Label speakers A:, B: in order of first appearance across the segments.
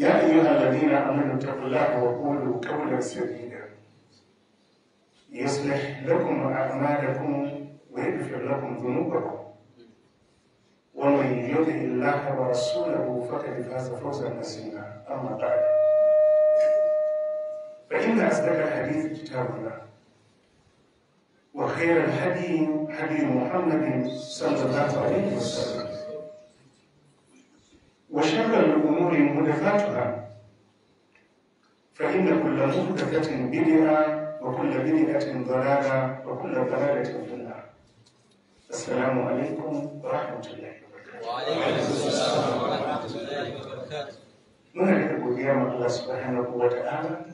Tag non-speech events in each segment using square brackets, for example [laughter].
A: يا أيها الذين آمنوا اتقوا الله وقولوا قولا سديدا يصلح لكم أعمالكم ويغفر لكم ذنوبكم ومن يطع الله ورسوله فقد فاز فوزا عظيما أما بعد فإن أصدق الحديث كتاب الله وخير الهدي هدي محمد صلى الله عليه وسلم محدثاتها فإن كل محدثة بدعة وكل بدعة ضلالة وكل ضلالة في النار السلام عليكم ورحمة الله وبركاته وعليكم السلام ورحمة الله وبركاته muna godiya ma Allah subhanahu wa ta'ala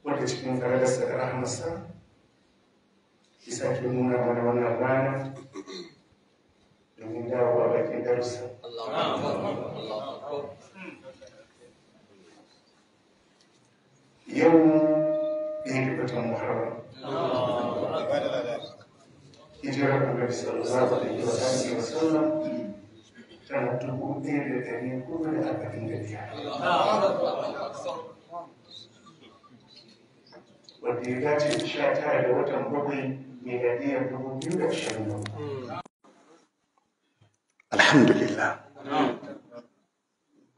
A: wanda cikin faradarsa da rahmarsa ya sake nuna mana wannan rana domin dawowa bakin darussa. يوم يجب أن محرم hijirar annabi sallallahu alaihi wa alihi wa sallam tana dubu ɗaya da ɗari kuma da arba'in da biyar. Wanda ya dace da sha tara da watan bakwai miladiyar dubu biyu da ashirin da Alhamdulillah.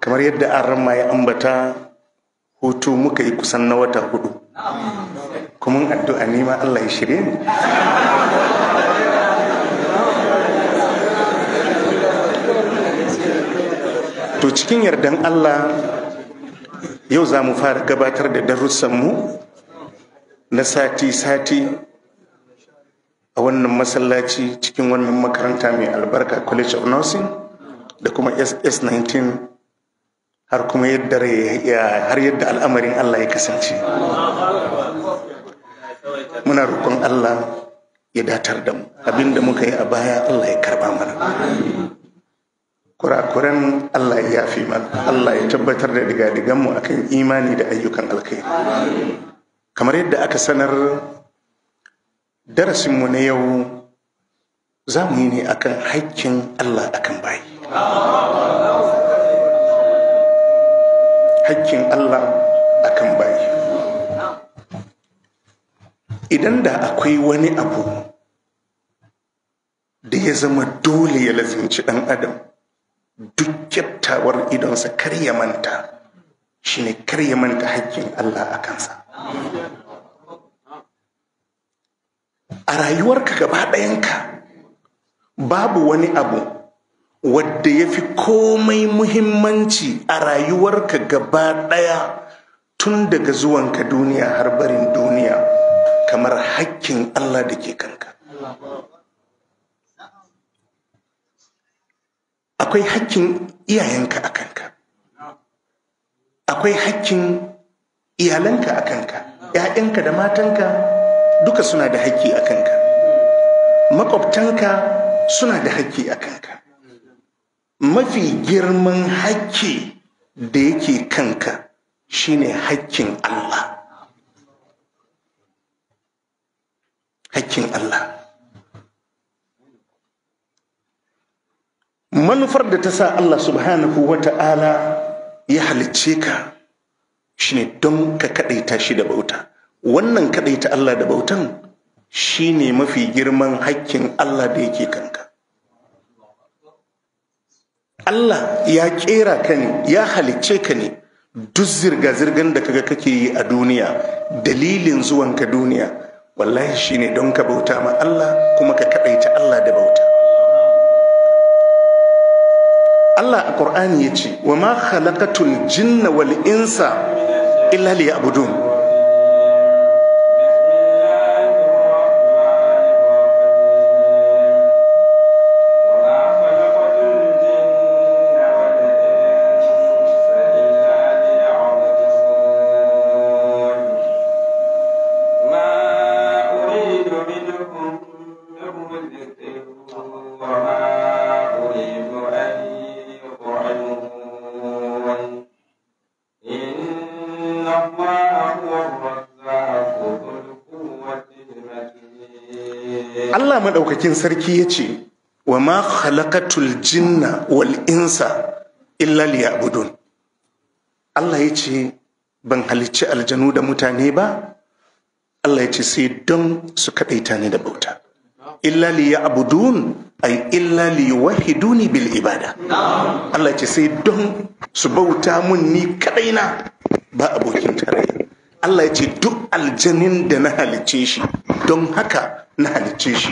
B: Kamar yadda an ramma ya ambata hutu muka yi kusan na wata hudu kuma addu'a ne ma Allah ya shirye ni to cikin yardan Allah yau za mu fara gabatar da darussanmu na sati-sati a wannan masallaci cikin wannan makaranta mai albarka college of nursing da kuma ss 19 har kuma yadda har yadda al'amarin Allah ya kasance muna roƙon Allah ya datar da mu abinda muka yi a baya Allah ya karba mana kurakuran Allah ya yafi mana Allah ya tabbatar da digadigan mu akan imani da ayyukan alkhairi kamar yadda aka sanar darasinmu na yau za mu yi ne akan haƙƙin Allah akan bayi hakkin Allah a kan bayi idan da akwai wani abu da ya zama dole ya lafinci ɗan adam duk kyaftawar idonsa kar ya manta shine kar ya manta hakkin Allah a kansa a rayuwarka gaba ɗayanka babu wani abu wadda ya fi komai muhimmanci a rayuwarka gaba ɗaya tun daga zuwanka duniya har barin duniya kamar hakkin Allah da ke kanka. Akwai hakkin iyayenka a kanka, akwai hakkin iyalanka a kanka, ‘ya'yanka da matanka duka suna da hakki a kanka, maƙwabtanka suna da hakki a kanka. mafi girman hakki da yake kanka shine hakkin Allah hakkin Allah manufar da ta sa Allah subhanahu wa ta'ala ya halicce ka shine don ka kaɗaita shi da bauta wannan kaɗaita Allah da bautan shine mafi girman hakkin Allah da yake kanka Allah ya kera ka ne ya halicce ka ne duk zirga-zirgan da kaga kake yi a duniya dalilin zuwanka duniya wallahi shine don ka bauta ma Allah kuma ka kaɗaita Allah da bauta Allah a Qur'ani ya ce wa ma khalaqatul jinna wal insa illa liya'budun Allah maɗaukakin sarki ya ce wa ma khalaqatul jinna wal insa illa liya'budun Allah ya ce ban halicci aljanu da mutane ba Allah ya ce sai don su kaɗaita ni da bauta illa liya'budun ay illa liwahiduni bil ibada Allah ya ce sai don su bauta mun ni kaɗai na, ba abokin tarayya Allah ya ce duk aljanin da na halicce shi don haka na halicce shi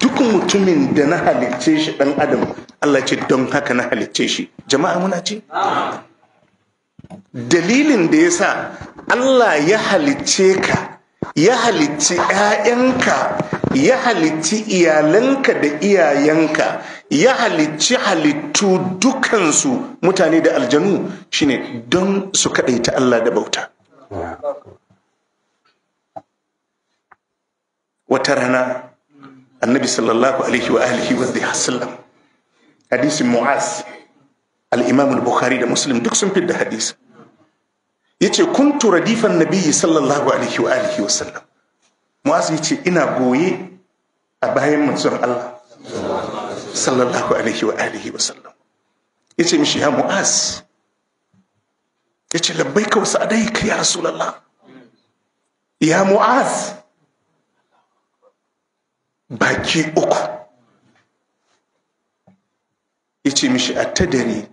B: duk mutumin da na halicce shi dan adam Allah ya ce don haka na halicce shi jama'a muna ce dalilin da ya sa Allah ya halicce ka ya halicci 'ya'yanka ya halicci iyalanka da iyayenka ya halicci halittu dukansu mutane da aljanu shine don su kaɗaita Allah da bauta wata rana annabi sallallahu alaihi wa alihi wa sallam Hadisi mu'az al-imam al-bukhari da muslim duk sun fidda hadisi yace kuntu radifan nabiyyi sallallahu alaihi wa alihi wa sallam mu'az yace ina goye a bayan manzon Allah sallallahu alaihi wa alihi wa sallam yace mishi ya mu'az ya ce lambai ka wasu adai ka ya rasulallah ya mu'az baki uku ya ce mishi a tadari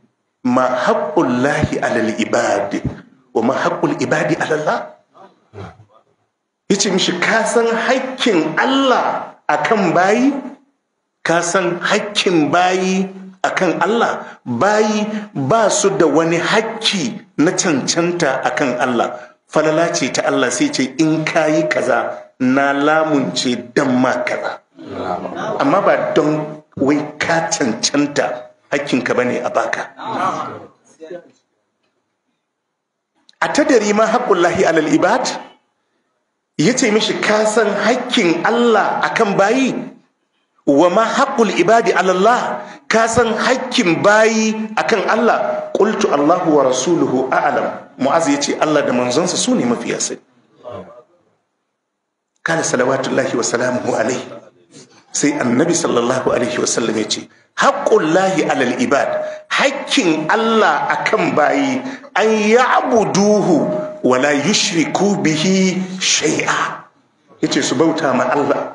B: ma haƙƙun lahi alal ibadi wa ma haƙƙun ibadi alallah ya ce mishi ka san haƙƙin allah a kan bayi ka san haƙƙin bayi akan Allah bayi ba su da wani hakki na cancanta akan Allah falala ce ta Allah sai ce in ka yi kaza na lamunce dan ma kaza amma ba don wai ka cancanta hakkinka ne a baka a tadari ma haƙullahi alal ibad ya ce mishi kasan hakkin Allah akan bayi wa ma haƙul ibadi alallah ka san haƙƙin bayi akan Allah ƙultu Allahu wa rasuluhu a'lam ya ce Allah da manzonsa su ne mafiya sani kana salawatullahi wa salamuhu alaihi sai annabi sallallahu alaihi wa sallam ya ce. Haƙul lahi alal ibad haƙƙin Allah akan bayi an ya'buduhu wa la yushriku bihi shay'a yace su bauta ma Allah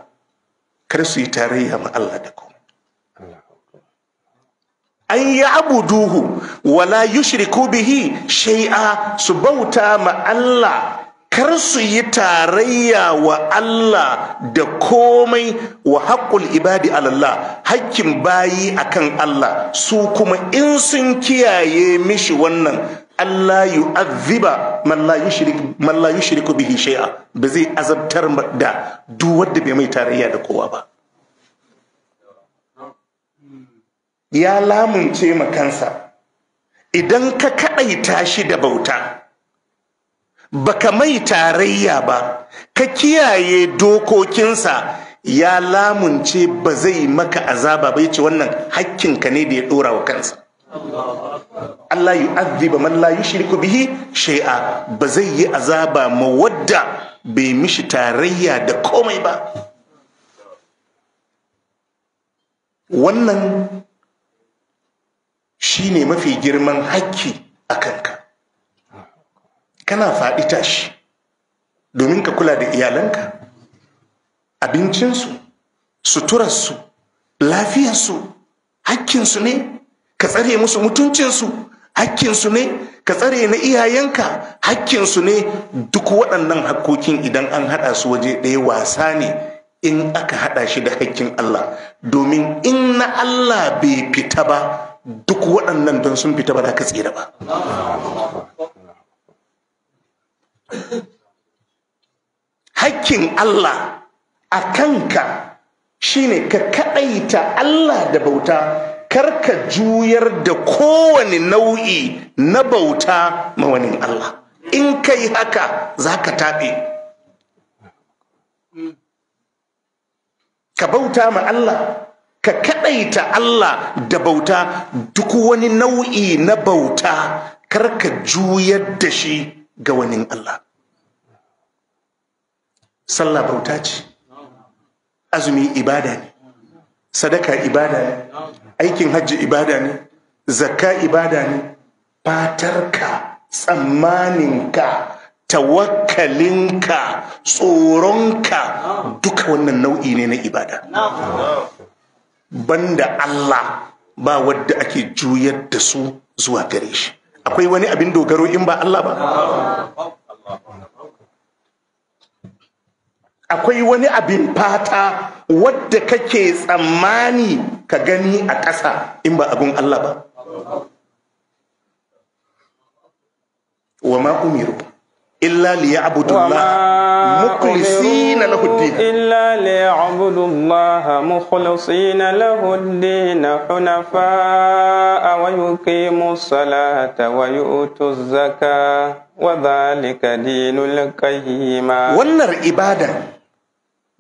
B: kar su yi tarayya ma Allah da komai an yi abuduhu wala yushriku bihi shai'a su bauta ma Allah kar su yi tarayya wa Allah da komai wa haƙƙul ibadi Allah hakkin bayi akan Allah su kuma in sun kiyaye mishi wannan Allah yi man la yushrik bihi shay'a ba zai azabtar da duk wadda bai mai tarayya da kowa ba ya lamunce makansa idan ka kaɗai tashi da bauta baka mai tarayya ba ka kiyaye dokokinsa ya lamunce ba zai maka azaba ba ce wannan hakkinka ne da ya ɗora wa kansa Allah yu'adhiba man la yushriku bihi shay'a ba zai yi azaba ma wadda bai mishi tarayya da komai ba wannan shine mafi girman hakki a kanka kana faɗi tashi domin ka kula da iyalanka abincinsu suturarsu lafiyarsu hakkinsu ne ka tsare musu mutuncinsu hakkinsu ne ka tsare na iyayenka hakkinsu ne duk waɗannan hakkokin idan an haɗa su waje ɗaya wasa ne in aka haɗa shi da hakkin Allah domin in na Allah bai fita ba duk waɗannan don sun fita ba da ka tsira ba hakkin Allah a kanka shine ka kaɗaita Allah da bauta karka juyar da kowane nau'i na bauta ma Allah in ka yi haka za ka taɓe ka bauta ma Allah ka kaɗaita Allah da bauta duk wani nau'i na bauta karka juyar da shi ga wani Allah sallah bauta ce azumi ibada ne sadaka ibada ne aikin hajji ibada ne zakka ibada ne fatarka tsammaninka tawakkalinka tsoronka duka wannan nau'i ne na ibada banda Allah ba wadda ake juyar da su zuwa gare shi akwai wani abin dogaro in ba Allah ba akwai wani abin fata wadda kake tsammani ka gani a ƙasa in ba abin Allah ba wa ma umiru illa
C: liya'budullah mukhlisina lahu ad-din illa liya'budullah mukhlisina lahu ad-din hunafa wa yuqimus salata wa yu'tuz zakata wa dhalika dinul qayyima
B: wannan ibada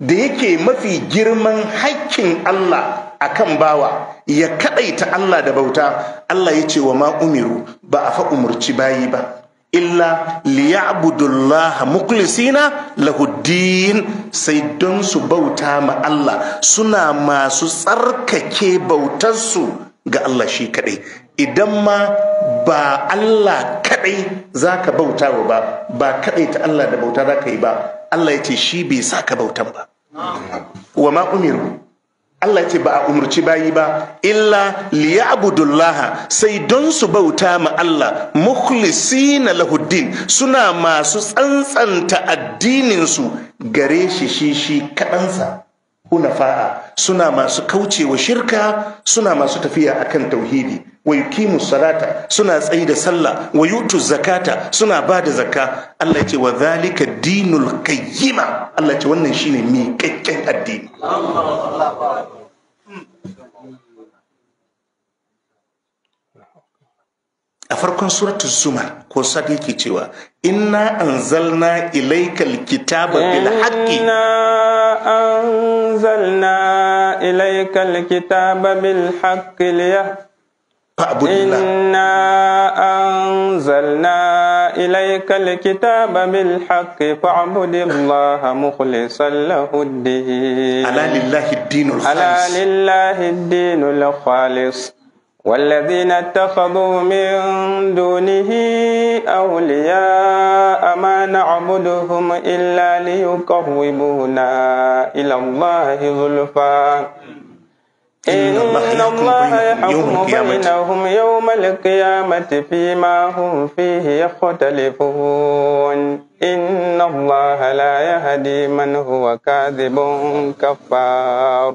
B: da yake mafi girman haƙƙin Allah a kan bawa ya kaɗaita Allah da bauta Allah ya ce wa ma umiru ba a fa umurci bayi ba illa liyabudullah muklisina lahuddin sai don su bauta ma Allah suna masu tsarkake bautarsu ga Allah shi kaɗai idan ma ba Allah kaɗai za ka bauta ba ba kaɗai Allah da bauta za ka yi ba Allah ya ce shi bai sa ka bautan ba wa ma umiru Allah ce ba a umarci bayi ba illa liya'budullaha sai don su bauta ma Allah mukhlisina lahuddin suna masu tsantsanta addinin su gare shi shi shi kadansa hunafa'a suna masu kaucewa shirka suna masu tafiya akan tauhidi wa yuqimu salata suna tsayi da sallah wa yutu zakata suna ba da zakka Allah ce wa zalika dinul qayyima Allah ce wannan shine kyakkyan addini a farkon suratu zumar ko sadi ke cewa inna an zalna
C: ilaikal kitaba bil haqqi inna zalna ilaikal kitaba bil haqqi inna an zalna ilaikal kitaba bil haqqi fa'budillaha mukhlishan lahu ala lillahi ad-dinul khalis ala lillahi ad khalis والذين اتخذوا من دونه أولياء ما نعبدهم إلا ليقربونا إلى الله زلفى إن الله يحكم بينهم يوم القيامة فيما هم فيه يختلفون إن الله لا يهدي من هو كاذب كفار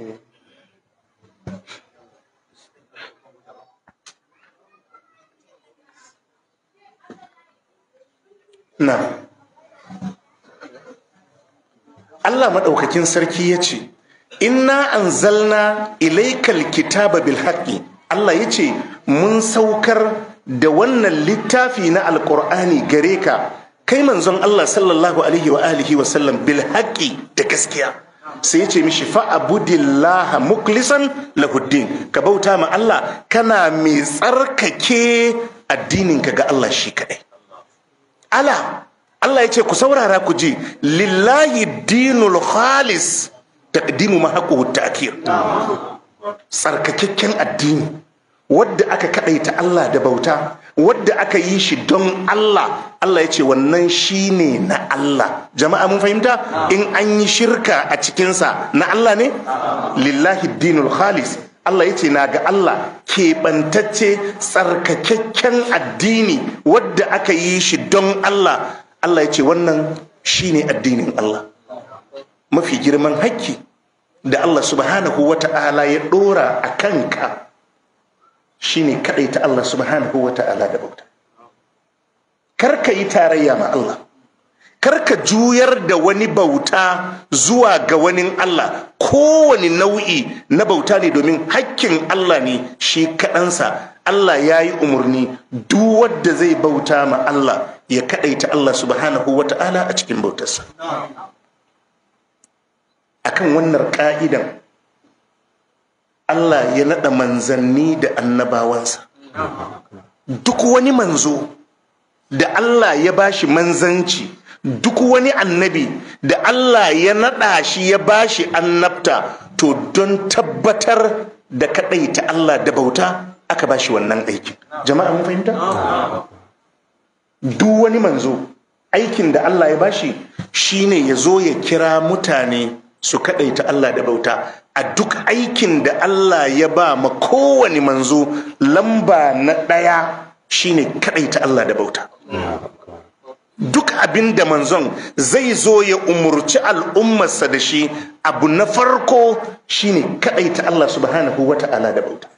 A: Mm.
D: Na’am.
B: Allah maɗaukakin sarki ya ce inna anzalna ilaikal kitaba bil Allah ya ce mun saukar da wannan littafi na Alƙur'ani gare ka kai manzon Allah sallallahu alaihi wa alihi bil da gaskiya sai ce mishi fa'abudillaha muklisan lahuddin ka bauta ma Allah kana mai tsarkake addininka ga Allah shi kaɗai ala Allah ya ce ku saurara ku ji lillahi dinul khalis taqdimu ma haqqu ta'khir Tsarkakken addini wadda aka kadaita Allah da bauta wadda aka yi shi don Allah Allah ya ce wannan shi ne na Allah jama'a mun fahimta in an yi shirka a cikinsa na Allah ne lillahi dinul khalis Allah ya ce na ga Allah keɓantacce tsarkakakken addini wadda aka yi shi don Allah Allah ya ce wannan shi ne addinin Allah mafi girman hakki da Allah subhanahu wa ta'ala ya ɗora a kanka shine ta Allah subhanahu wa ala da bauta karka yi tarayya ma Allah Kar ka juyar da wani bauta zuwa ga wani Allah kowane nau'i na bauta ne domin hakkin Allah ne shi kaɗansa Allah ya yi umarni duk wanda zai bauta ma Allah ya kaɗaita Allah subhanahu wa ala a cikin bautarsa akan wannan ka'idan Allah ya naɗa manzanni da annabawansa duk wani manzo da Allah ya bashi manzanci duk wani annabi da Allah ya naɗa shi ya bashi annabta to don tabbatar da kaɗaita Allah da bauta aka bashi wannan aikin jama'a mun fahimta duk wani manzo aikin da Allah ya bashi shine ya zo ya kira mutane su kaɗaita Allah da bauta a duk aikin da Allah ya ba ma kowane manzo lamba na ɗaya shine ta Allah da bauta duk abin da manzon zai zo ya umurci al'ummarsa da shi abu na farko shine ta Allah subhanahu wata'ala da bauta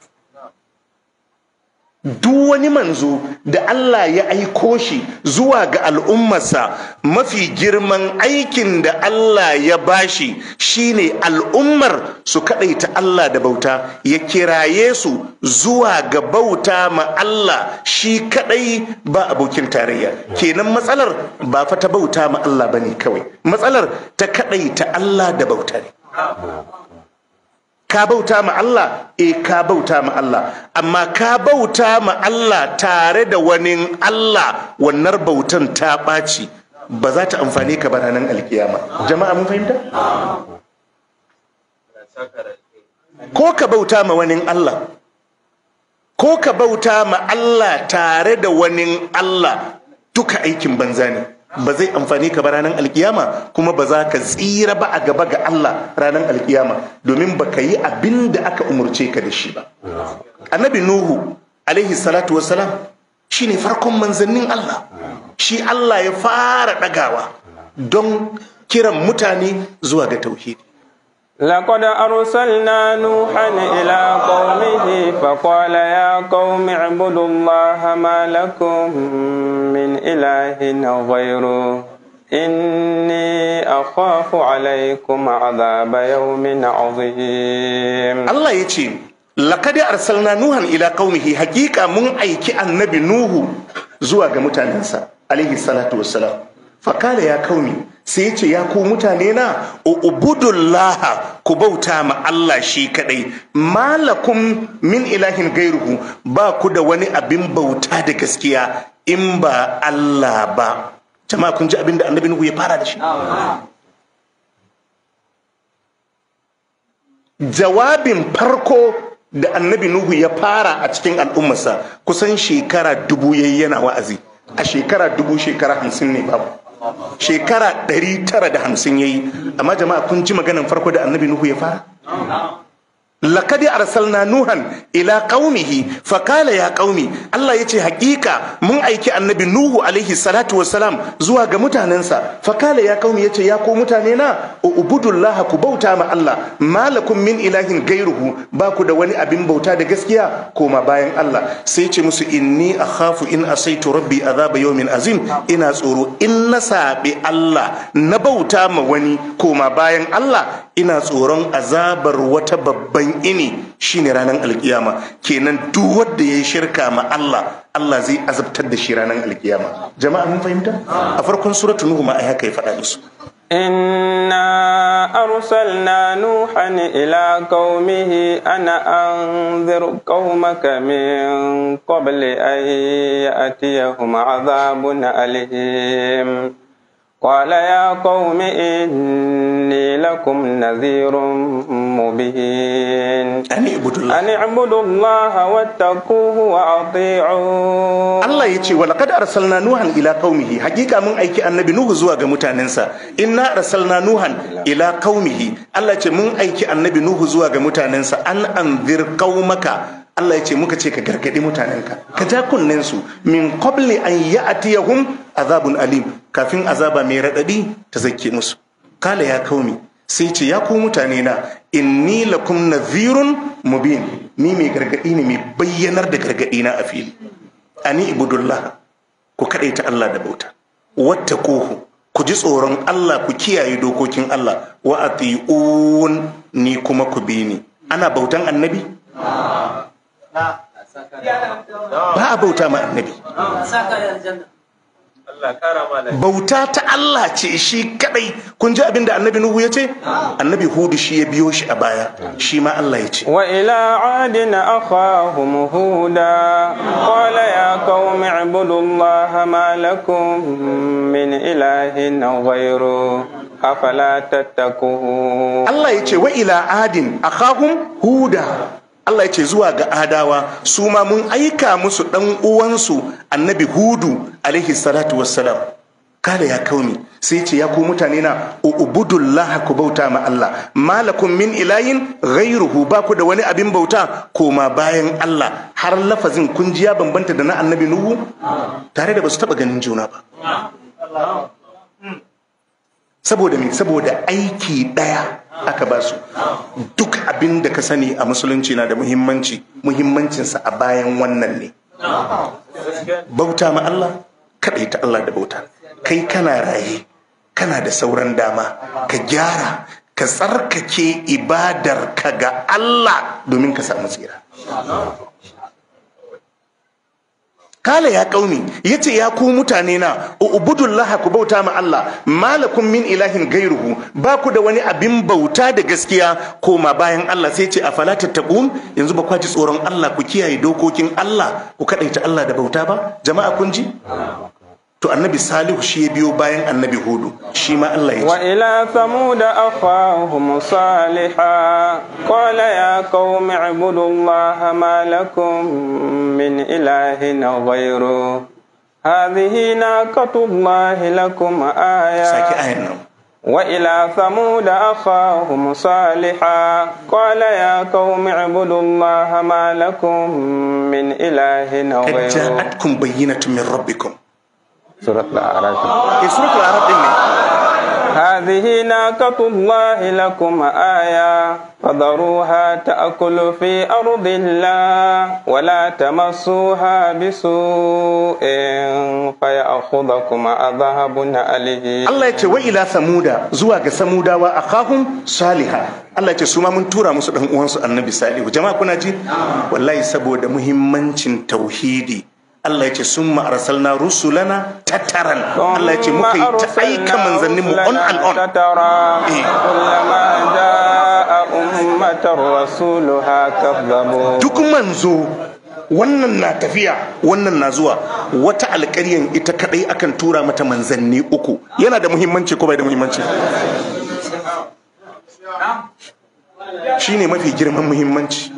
B: duk wani manzo da Allah ya aiko shi zuwa ga al'ummarsa mafi girman aikin da Allah ya bashi shine al'ummar su kadaita Allah da bauta ya kiraye su zuwa ga bauta ma Allah shi kaɗai ba abokin tarayya kenan matsalar ba fa bauta ma Allah bane kawai matsalar ta kadaita Allah da bauta ne ka bauta ma Allah eh ka bauta ma Allah amma ka bauta ma Allah tare da wani Allah wannan bautan ta ɓaci ba za ta amfani ka ba ranar alkiyama jama'a mun fahimta ko ka bauta ma wani Allah ko ka bauta ma Allah tare da wani Allah duka aikin banza ne ba zai amfani ka ba ranar alkiyama kuma ba za ka tsira ba a gaba ga Allah ranar alkiyama domin ba ka yi abin da aka umarce ka da shi ba annabi nuhu alaihi salatu wasalam shi ne farkon manzannin Allah shi Allah ya fara ɗagawa don kiran mutane zuwa ga tauhidi
C: لقد أرسلنا نوحا إلى قومه فقال يا قوم اعبدوا الله ما لكم من إله غيره إني أخاف عليكم عذاب يوم عظيم الله يتيم لقد أرسلنا نوحا إلى قومه حقيقة من أيك النبي
B: نوح زواج متنسى عليه الصلاة والسلام فقال يا قومي sai ce ya ku mutane na ubudullaha ku bauta ma Allah shi kadai malakum min ilahin gairuhu ba ku da wani abin bauta da gaskiya in ba Allah ba jama'a kun ji abin da annabi Nuhu ya fara da shi jawabin farko da annabi Nuhu ya fara a cikin al'ummarsa kusan shekara dubu yayi yana wa'azi a shekara dubu shekara hamsin ne babu shekara 950 yayi amma jama'a kun ji maganan farko da annabi nuhu ya fara laqad arsalna nuhan ila kaumihi, fa ya qaumi Allah yace hakika mun aiki annabi nuhu alaihi salatu wassalam zuwa ga mutanensa fa qala ya qaumi yace ya ko mutane na ubudullaha ku bauta ma Allah malakum min ilahin gairuhu ba ku da wani abin bauta da gaskiya koma bayan Allah sai ce musu inni a akhafu in a asaitu rabbi azaba yawmin azim ina tsoro in na sabi Allah na bauta ma wani koma bayan Allah ina tsoron azabar wata babban ini shine ranar alkiyama kenan duk wanda yayi shirka ma Allah Allah zai azabtar da shi ranar alkiyama jama'a mun fahimta a farkon suratul nuh ma ai haka faɗa musu إنا
C: أرسلنا nuhan إلى قومه أنا أنذر قومك a قبل أن يأتيهم na alihim قال يا قوم إني لكم نذير مبين أن اعبدوا الله واتقوه وأطيعوه
B: الله يتي ولقد أرسلنا نوحا إلى قومه حقيقة من أيكي النبي نوح زواج متاننسا إنا أرسلنا نوحا إلى قومه الله يتي من أيكي النبي نوح زواج متاننسا أن أنذر قومك Allah ya ce muka ce ka gargadi mutanen ka Ka ja kunnen su min qabli an ya'tiyahum azabun alim kafin azaba mai radadi ta zake musu kala ya kaumi sai ce ya ku mutane na inni lakum nadhirun mubin ni mai gargadi ne mai bayyanar da gargadi na a fili ani ibudullah ku ta Allah da bauta wattaquhu ku ji tsoron Allah ku kiyaye dokokin Allah wa ati'un ni kuma ku bi ni ana bautan annabi ba a bauta ma annabi
C: bauta ta Allah
B: ce shi
D: kadai
C: kun ji abin da annabi Nuhu ya ce annabi Hudu shi ya biyo shi a baya shi ma Allah ya ce wa ila adina akhahum huda qala ya qaumi ibudullaha ma lakum min ilahin ghayru afala tattaqun Allah ya ce wa ila adin akhahum
B: huda Allah ya ce zuwa ga adawa su ma mun aika musu ɗan uwansu annabi hudu alaihi salatu wassalam kala ya kauni sai ce ya ku mutane na ubudullaha ku bauta ma Allah malakum min ilayin ghairuhu ba ku da wani abin bauta koma bayan Allah har lafazin kun ji ya bambanta da na annabi nuhu tare da basu su taba ganin juna ba saboda me saboda aiki ɗaya aka ba su duk abin da ka sani a musulunci na da muhimmanci muhimmancinsa a bayan wannan ne bauta ma Allah kaɗai ta Allah da bauta kai kana raye kana da sauran dama ka gyara ka tsarkake ibadar ka ga Allah domin ka samu tsira kala ya kaumi ce ya ku mutane na ubudullaha ku bauta ma Allah malakun min ilahin gairuhu ba ku da wani abin bauta da gaskiya koma bayan Allah sai ce a falatar tattaqun yanzu ba kwaji tsoron Allah ku kiyaye dokokin Allah ku kaɗaita Allah da bauta ba jama'a kun ji to annabi salihu shi ya biyo bayan annabi hudu shi ma Allah ya ce wa
C: ila thamud akhahum saliha qala ya qaumi ibudullaha ma lakum min ilahin ghayru hadhihi naqatu naqatullahi lakum aya saki ayan wa ila أخاهم صالحا قال qala ya qaumi الله ما لكم من إله غيره قد جاءتكم
B: بينة min rabbikum soraka da araba
C: da ke surakira araba ɗin ne. hazihin nakatu wani ne kuma aya faɗa ruwa ta a kalli a ruben na wala masu haɓisu ɗan kuma a na allihe. allah ya wa ila
B: samuda zuwa ga samudawa a kakun saliha. allah ya suma mun tura musu dan uwansu annabi salihu jama'a kuna ji walayi saboda muhimmancin tauhidi. Allah ya ce sun ma'arsalna rusulana tattaran Allah ya ce muka yi ta aika manzannin mu on and on eh. duk manzo wannan na tafiya wannan na zuwa wata alƙaryan ita kadai akan tura mata manzanni uku yana da muhimmanci ko bai da muhimmanci shine mafi girman muhimmanci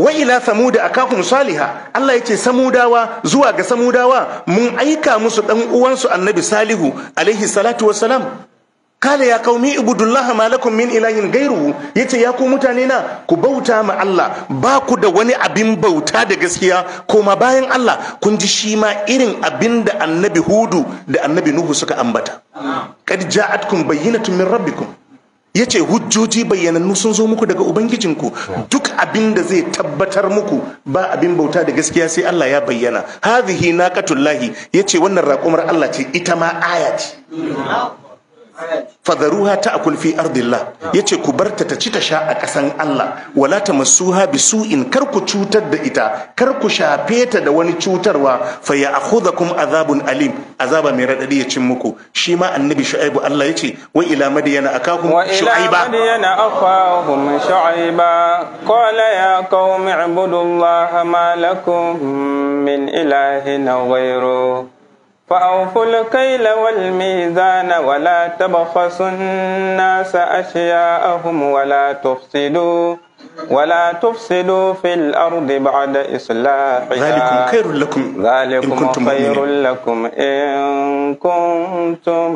B: wa ila samuda akahum saliha Allah yace samudawa zuwa ga samudawa mun aika musu dan uwansu annabi salihu alaihi salatu wassalam kale ya kaumi ibudullah ma lakum min ilahin gairu yace ya ku mutane na ku bauta ma Allah ba ku da wani abin bauta da gaskiya koma bayan Allah kun ji shi ma irin abin da annabi hudu da annabi nuhu suka ambata qad ja'atkum bayyinatun min rabbikum ya ce hujjoji bayyanannu sun zo muku daga ubangijinku duk abin da zai tabbatar muku ba abin bauta da gaskiya sai Allah ya bayyana na na ya ce wannan raƙumar Allah ce ita ma aya ce fadaruha a fi ardillah yace ku barta ta ci ta sha a ƙasan Allah wala tamassuha bisu'in kar ku cutar da ita kar ku shafe ta da wani cutarwa fa ya'khudhukum azabun alim azaba mai radadi ya cin muku shi ma annabi shu'aibu Allah yace wa ila madyana akahum shu'aiba wa ila madyana
C: akahum shu'aiba qala ya qaumi ibudullaha ma lakum min ilahin ghayruhu فأوفوا الكيل والميزان ولا تبخسوا الناس أشياءهم ولا تفسدوا ولا تفسدوا في الأرض بعد إصلاحها ذلكم خير لكم ذلكم إن كنتم خير مؤمنين. لكم إن كنتم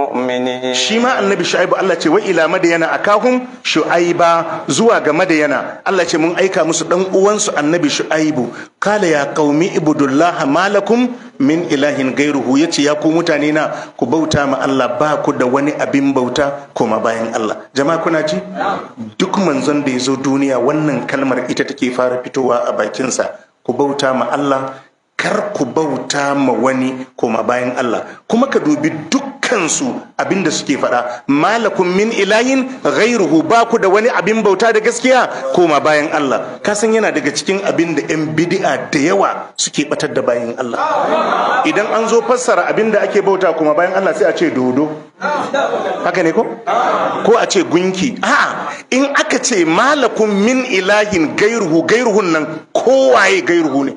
B: مؤمنين شما النبي شعيب الله تي وإلى مدينة أكاهم شعيبا زواج مدينة الله تي من أيكا مسلم أوانس النبي شعيب قال يا قومي اعبدوا الله ما لكم min ilahin gairuhu ya ce ya ku mutane na ku bauta ma Allah ba ku da wani abin bauta koma bayan Allah jama'a kuna ji duk manzon da ya zo duniya wannan kalmar ita take fara fitowa a bakinsa ku bauta ma Allah kar ku bauta ma wani koma bayan Allah kuma ka dubi dukkansu abinda suke faɗa malakun min ilayin, ghairuhu ba ku da wani abin bauta da gaskiya koma bayan Allah ka san yana daga cikin abin da yan bid'a da yawa suke batar da bayan Allah idan an zo fassara abin da ake bauta koma bayan Allah sai a ce dodo haka ne ko ko a ce gunki a'a in aka ce malakum min ilahin gairuhu gairuhun nan kowaye gairuhu ne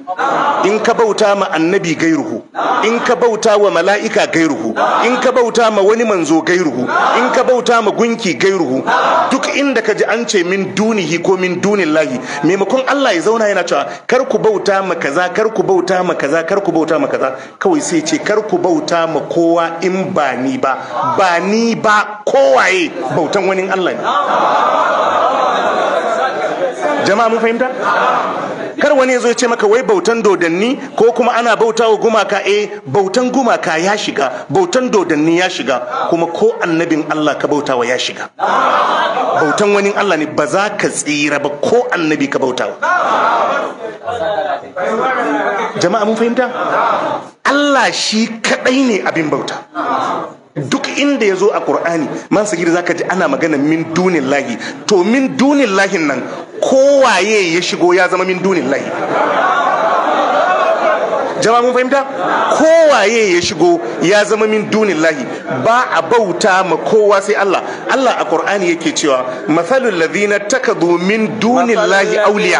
B: in ka bauta ma annabi gairuhu in ka bauta wa mala'ika gairuhu in ka bauta ma wani manzo gairuhu in ka bauta ma gunki gairuhu duk inda ka ji an ce min dunihi ko min dunillahi maimakon Allah ya zauna yana cewa kar ku bauta ma kaza kar ku bauta ma kaza kar ku bauta ma kaza kawai sai ce kar ku bauta ma kowa in ba ni ba ba ni ba kowaye bautan wani Allah ne jama'a mun fahimta kar wani ya zo ya ce maka wai bautan dodanni ko kuma ana bauta wa gumaka e bautan gumaka ya shiga bautan dodanni ya shiga kuma ko annabin Allah ka bauta wa ya shiga bautan wani Allah ne ba za ka tsira ba ko annabi ka bauta wa jama'a mun fahimta Allah shi kadai ne abin bauta duk inda ya zo a ƙur'ani man sigiri ka ji ana magana min dunin lahi to min dunin lahin nan kowaye ya shigo ya zama min dunin lahi jama'a mun fahimta kowaye ya shigo ya zama min dunin lahi ba a bauta ma kowa sai Allah Allah a Qur'ani yake cewa mathalul
C: ladhina takadu min dunin lahi awliya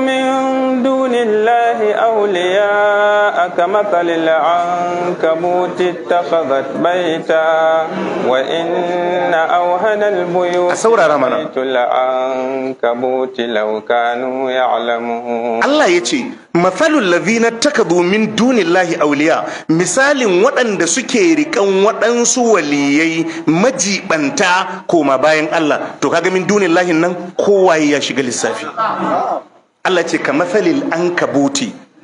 C: min dunin lahi awliya جاءك مثل العنكبوت اتخذت بيتا وإن أوهن البيوت سورة رمانا العنكبوت لو كانوا يعلمون الله يتي مثل الذين
B: اتخذوا من دون الله أولياء مثال وطن سكي ركن وطن سوليي مجي بنتا كوما باين الله تكاغ من دون الله نن كواي يا شغل السافي الله يتي كمثل
A: العنكبوت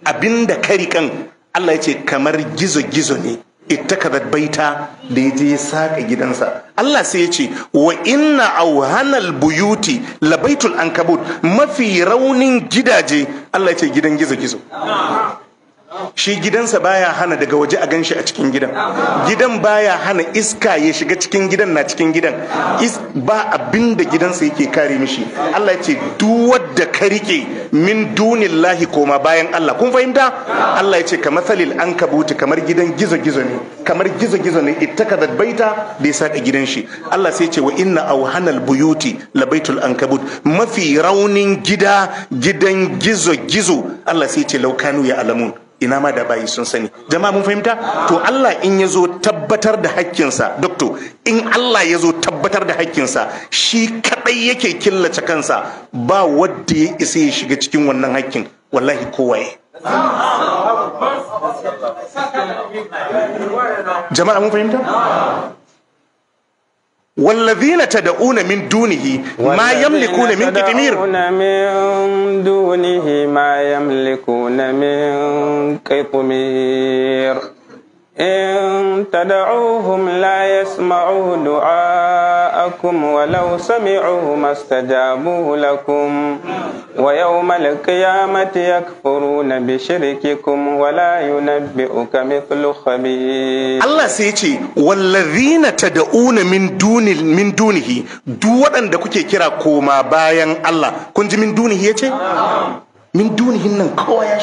B: Abin da kari kan, Allah ya ce kamar gizo-gizo ne ita ka baita da ya je ya saƙa gidansa Allah sai ya ce wa inna auhanal buyuti labaitul ankabut mafi raunin gidaje Allah ya ce gidan gizo-gizo shi gidansa baya hana daga waje a ganshi a cikin gidan gidan baya hana iska ya shiga cikin gidan na cikin gidan ba abin da gidansa yake kare mishi Allah ya ce duk wadda ka rike min dunillahi koma bayan Allah kun fahimta Allah ya ce ka masalil an kabuti kamar gidan gizo gizo ne kamar gizo gizo ne ittakada baita da ya saka gidan shi Allah sai ce wa inna awhanal buyuti labaitul ankabut mafi raunin gida gidan gizo gizo Allah sai ce laukanu ya alamun ina ma da bayi sun sani jama'a mun fahimta to Allah in ya zo tabbatar da hakkinsa dokto in Allah ya zo tabbatar da hakkinsa shi kadai yake killace kansa ba wanda ya isa ya shiga cikin wannan hakkin wallahi kowaye jama'a mun fahimta
C: والذين تدعون من دونه ما يملكون من كتمير من دونه ما يملكون من كتمير إن تدعوهم لا يسمعوا دعاءكم ولو سمعوا ما استجابوا لكم ويوم القيامة يكفرون بشرككم ولا ينبئك مثل خبير الله
B: سيتي والذين تدعون من دون من دونه دوان da kuke kira koma bayan Allah kun ji min dunihi yace min dunihin nan kowa ya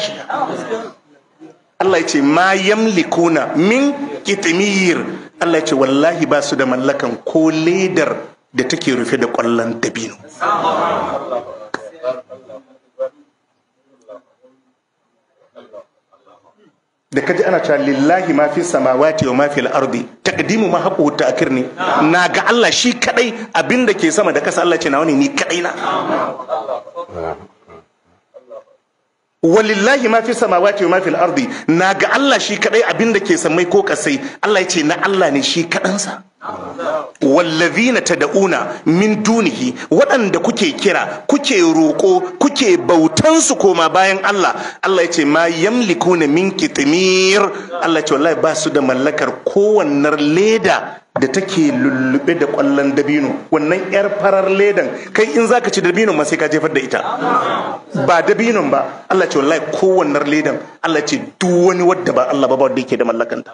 B: Allah ya ce ma yamlikuna min kitmir Allah ya ce wallahi ba su da mallakan ko ledar da take rufe da kwallon dabino da kaji ana cewa lillahi ma fi samawati wa ma fi al-ardi taqdimu ma haqqu ta'khir ne na ga Allah shi kadai abinda ke sama da kasa Allah ce na wani ni kadai na walillahi ma fi wa ma fil ardi na ga Allah shi kadai abin da ke sammai ko kasai Allah yace na Allah ne shi na wallazina tad'una min dunihi waɗanda kuke kira kuke roƙo kuke bautan su koma bayan Allah Allah yace ce ma yamlikuna min kitmir Allah yace ce wallahi ba su da mallakar kowannar leda da take lullube da kwallon dabino wannan yar farar ledan kai in zaka ci dabino ma sai ka jefar da ita ba dabinon ba Allah ce wallahi kowannar ledan Allah ce duk wani wadda ba Allah ba ba wanda yake da mallakanta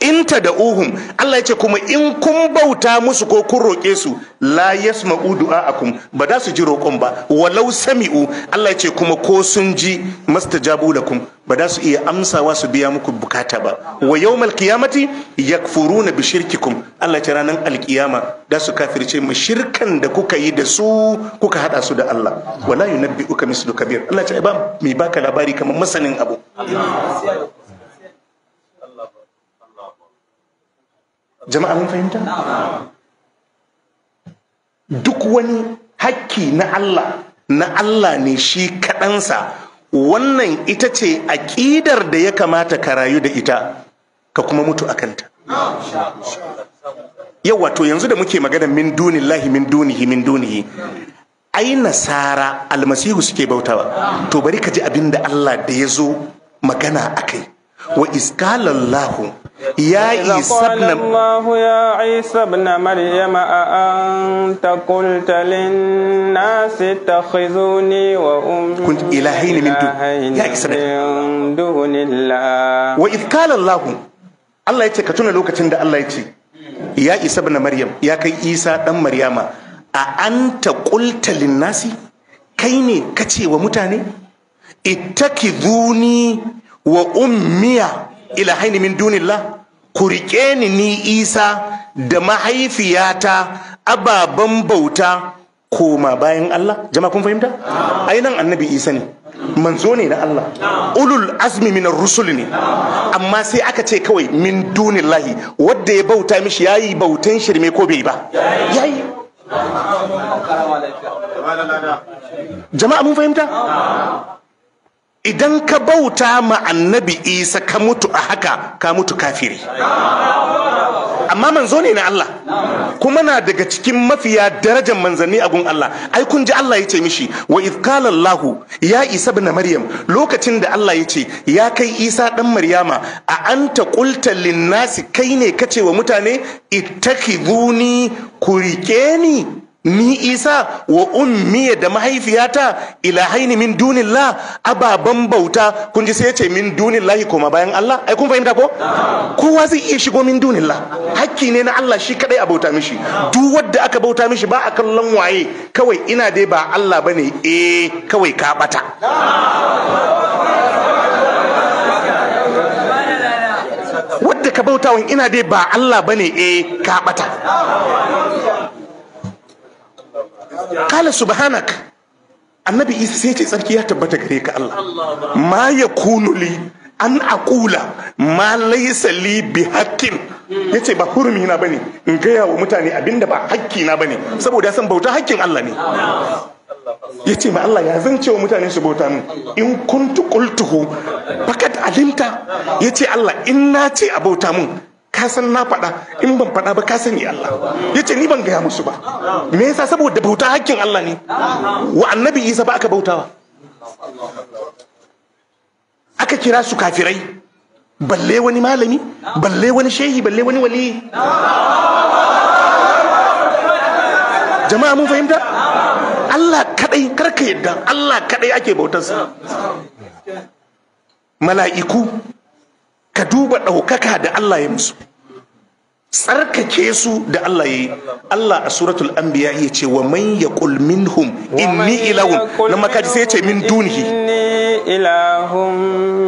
B: in ta da uhum Allah ya ce kuma in kun bauta musu ko kun roƙe su la yasma'u du'a'akum ba za su ji roƙon ba walau sami'u Allah ya ce kuma ko sun ji mastajabu lakum ba za su iya amsawa su biya muku bukata ba wa yawmal qiyamati yakfuruna bi shirki shirkikum Allah ce ranar alkiyama da su kafirce mu shirkan da kuka yi da su kuka hada su da Allah wala uka mislu kabir Allah ce ba mai baka labari kamar masanin abu jama'a mun fahimta duk wani hakki na Allah na Allah ne shi kaɗansa wannan ita ce aƙidar da ya kamata ka rayu da ita ka kuma mutu a kanta yawa to yanzu da muke magana min dunillahi min dunihi min dunihi ai nasara almasihu suke bautawa to bari ka ji abin da Allah da ya zo magana akai wa iskalallahu
C: يا ya ابن الله يا عيسى ابن مريم أأنت قلت للناس اتخذوني وأمي wa إلهين من دون min عيسى ya دون الله wa
B: قال الله Allah ya ce ka tuna lokacin da Allah ya ce ya isa bin maryam ya kai isa dan maryama a anta qulta nasi? kai ne ka ce wa mutane ittakizuni wa ummiya ila haini min dunillah ku riƙe ni ni isa da mahaifiyata ababen bauta koma bayan Allah jama'a kun fahimta ai nan annabi isa ne manzo ne na Allah ulul azmi min rusul ne amma sai aka ce kawai min dunillahi wanda ya bauta mishi yayi bautan shirme ko bai ba
D: yayi
B: jama'a mun fahimta idan ka bauta ma annabi isa ka mutu a haka ka mutu kafiri amma manzo ne na Allah kuma na daga cikin mafiya darajar manzanni a gun Allah ai kun ji Allah ya ce mishi wa idh qala Allah ya Isa ibn Maryam lokacin da Allah ya ce ya kai Isa dan Maryama a anta qulta lin nasi kai ne kace wa mutane ittakhizuni ku rike ni ni isa wa ummiya da mahaifiyata ilahaini min dunillah ababan bauta kun ji sai ce min dunillahi koma bayan Allah ai kun fahimta ko kowa zai iya shigo min dunillah hakki ne na Allah shi kadai a bauta mishi duk wanda aka bauta mishi ba a kallon waye kawai ina dai ba Allah bane eh kawai ka bata wadda ka bauta wani ina dai ba Allah bane eh ka bata kala subhanak annabi isa sai ce tsarki ya tabbata gare ka
D: Allah
B: ma ya kunuli an akula ma laisa li bi hakkin ya ce ba hurumi na bane in gaya wa mutane abinda ba hakki na bane saboda san bauta hakkin Allah ne ya ce ma Allah ya zan cewa mutane su bauta min in kuntu qultuhu fakat alimta ya ce Allah in na ce a bauta min Kasan na faɗa in ban faɗa ba ka sani Allah ya ce ni ban gaya musu ba me yasa saboda bauta hakkin Allah ne wa annabi Isa ba aka bautawa aka kira su kafirai balle wani malami balle wani shehi balle wani wali. jama'a mun fahimta Allah kadai karka yadda Allah kadai ake bautarsa mala'iku ka duba ɗaukaka da Allah ya musu tsarkake su da Allah yi Allah a suratul anbiya ya ce wa man yaqul minhum inni ilahun na makaji sai ya ce min dunihi inni
C: ilahun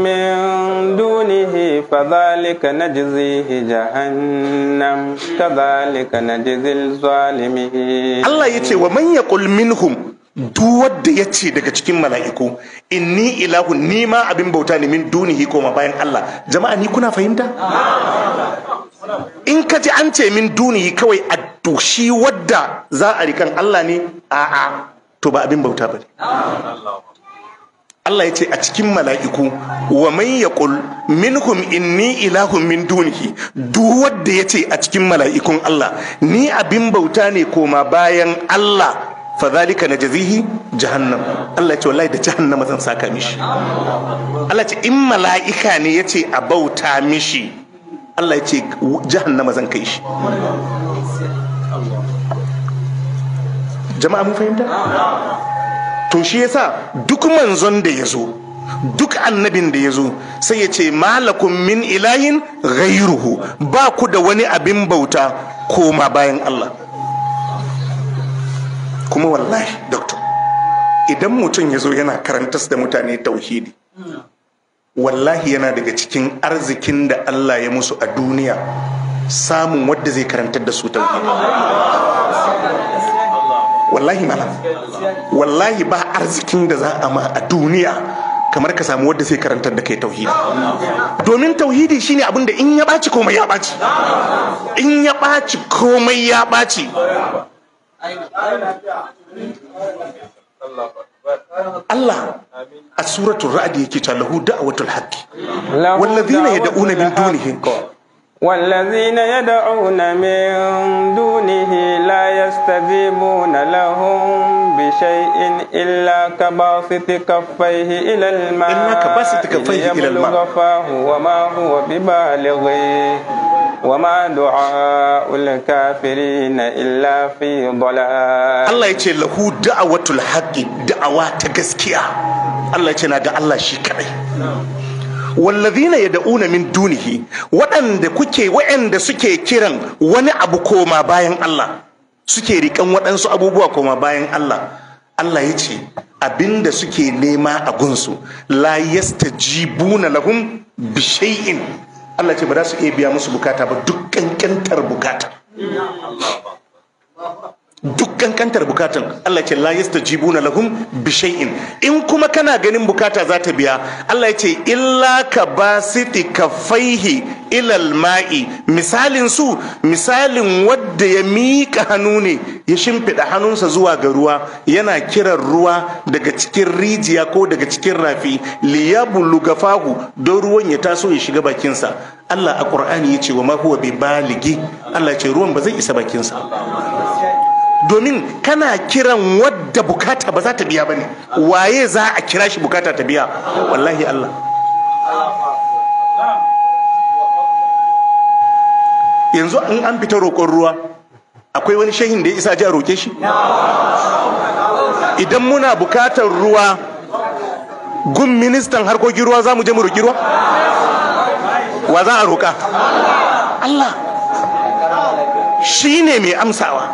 C: min dunihi fa zalika najzihi jahannam kadhalika najzil zalimin Allah ya ce wa man
B: yaqul minhum duk wanda ya ce daga cikin mala'iku inni
C: ilahun ni
B: ma abin bauta ne min dunihi koma bayan Allah jama'a ni kuna fahimta in ka ji an ce min duniyi kawai a doshi wadda za a rikan Allah ne a to ba abin bauta ba ne Allah ya ce a cikin mala'iku wa man yaqul minhum inni ilahun min dunihi duk wadda ya ce a cikin mala'ikun Allah ni abin bauta ne koma bayan Allah na jazihi jahannam Allah ya ce wallahi da jahannama zan saka mishi Allah ya ce in mala'ika ne ya ce a bauta mishi Allah ya ce jahannama zan kai shi jama'a mun fahimta to shi yasa duk manzon da ya zo duk annabin da ya zo sai ya ce malakun min ilahin ghairuhu ba ku da wani abin bauta koma bayan Allah kuma wallahi doctor idan mutum ya zo yana karantas da mutane tauhidi wallahi yana daga cikin arzikin da Allah ya musu a duniya samun wadda zai karantar da su tauhidi wallahi malam wallahi ba arzikin da za a ma a duniya kamar ka samu wadda sai karantar da kai tauhidi domin tauhidi shine abin da in ya ɓaci komai ya ɓaci in ya ɓaci komai ya ɓaci Allah a suratul ra'd yake ta lahu da'watul haqqi wallazina yad'una min dunihi
C: والذين يدعون من دونه لا يستجيبون لهم بشيء إلا كباسط كفيه إلى الماء إلا كباسط كفيه إلى الماء فاه وما هو ببالغه وما دعاء الكافرين إلا في ضلال الله يقول له دعوة الحق دعوة تكسكية الله يقول له الله شكري
B: wallazina yad'una min dunihi waɗanda kuke waɗanda suke kiran wani abu koma bayan Allah suke rikan waɗansu abubuwa koma bayan Allah Allah ya ce abinda suke nema a gunsu la yastajibuna lahum bi shay'in Allah ce ba za su iya biya musu bukata ba duk kankantar bukata duk kankantar bukatan Allah ce la na lahum bi shay'in in kuma kana ganin bukata za ta biya Allah ce illa ka basiti kafaihi ilal ma'i misalin su misalin wanda ya mika hannu ne ya shimfiɗa hannunsa zuwa ga ruwa yana kiran ruwa daga cikin rijiya ko daga cikin rafi liyabulu gafahu don ruwan ya taso ya shiga bakinsa Allah a Qur'ani ya ce wa ma huwa bi baligi Allah ce ruwan ba zai isa bakinsa domin kana kiran wadda bukata ba za ta biya bane waye za a kira shi bukata ta biya wallahi Allah yanzu in an fita roƙon ruwa akwai wani shahin da ya isa ji a roƙe shi idan muna bukatar ruwa gun ministan harkokin ruwa za mu je mu roƙi ruwa wa za a roƙa Allah shi ne mai amsawa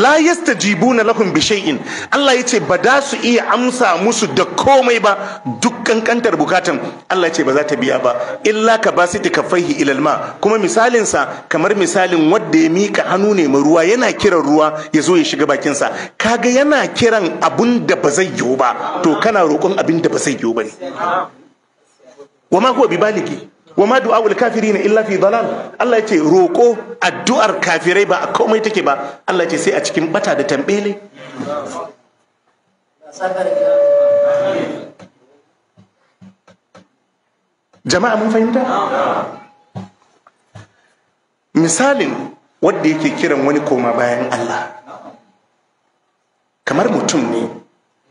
B: la yastajibuna lahum bi shay'in Allah yace ba da su iya amsa musu da komai ba duk kankantar bukatan Allah yace ba za ta biya ba illa ka basiti fahi ilal ma kuma misalin sa kamar misalin wanda ya mika hannu ne ma ruwa yana kiran ruwa ya zo ya shiga bakin sa kaga yana kiran abun da ba zai yiwu ba to kana roƙon abin da ba zai yiwu ba ne wa ma huwa bibaligi wa ma du'a wal kafirin illa fi dalal Allah ya roko addu'ar kafirai ba a komai take ba Allah ya sai a cikin bata da tambele jama'a mun fahimta misalin wanda yake kiran wani koma bayan Allah kamar mutum ne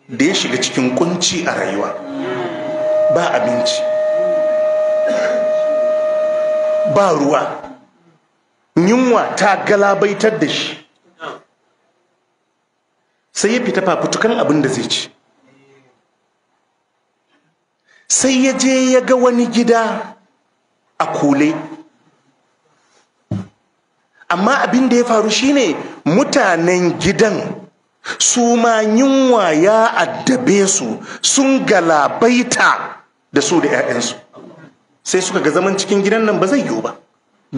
B: da ya shiga cikin kunci a rayuwa ba abinci ba ruwa yunwa ta galabaitar da shi sai ya fita fafutukan abin da zai ci sai ya je ya ga wani gida a kule amma abin da ya faru shine mutanen gidan su ma yunwa ya addabe su sun galabaita da su da 'ya'yansu sai suka ga zaman cikin gidan nan ba zai yiwu ba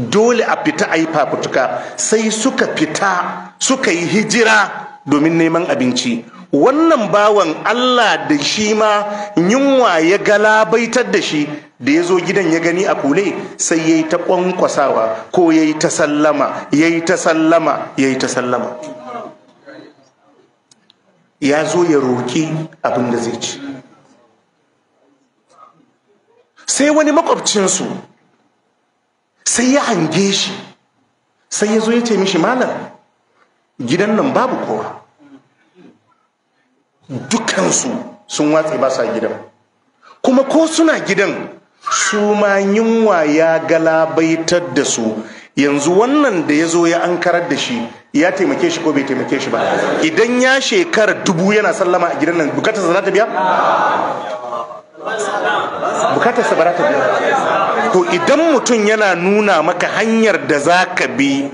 B: dole a fita a yi fafutuka sai suka fita suka yi hijira domin neman abinci wannan bawan Allah da shi ma yunwa ya galabaitar da shi da ya zo gidan ya gani a kule sai ya yi ta kwankwasawa ko ya yi ta sallama ya yi ta sallama ya yi ta sallama ya zo ya roƙi abin da zai ci sai wani makwabcinsu sai ya hange shi sai ya zo ya ce mishi malam gidan nan babu kowa dukansu sun watse ba sa gidan kuma ko suna gidan su ma yunwa ya galabaitar da su yanzu wannan da ya zo ya an karar da shi ya taimake shi ko bai taimake shi ba idan ya shekara dubu yana sallama a gidan nan bukatar za ta biya bukatar sa barata biya to idan mutum yana nuna maka hanyar da za ka bi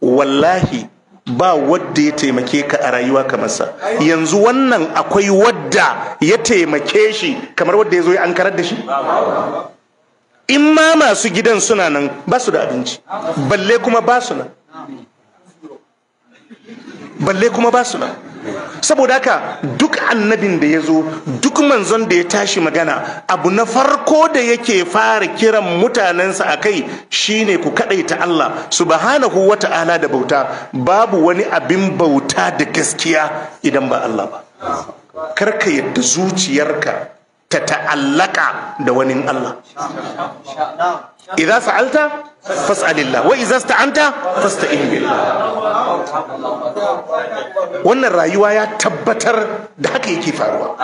B: wallahi ba wadda ya taimake ka a rayuwa kamar sa yanzu wannan akwai wadda ya taimake shi kamar wadda ya zo ya an karar da shi in ma masu gidan suna nan ba su da abinci balle kuma ba su nan balle kuma ba su saboda haka duk annabin da ya zo duk manzon da ya tashi magana abu na farko da yake fara kiran mutanensa a kai shine ku kaɗaita Allah subhanahu wa ta'ala da bauta babu wani abin bauta da gaskiya idan ba Allah ba karka yadda zuciyarka ta ta'allaka da wani Allah Iza sa'alta fas'alillah wa idza sta'anta fasta'in wannan rayuwa ya tabbatar da haka yake faruwa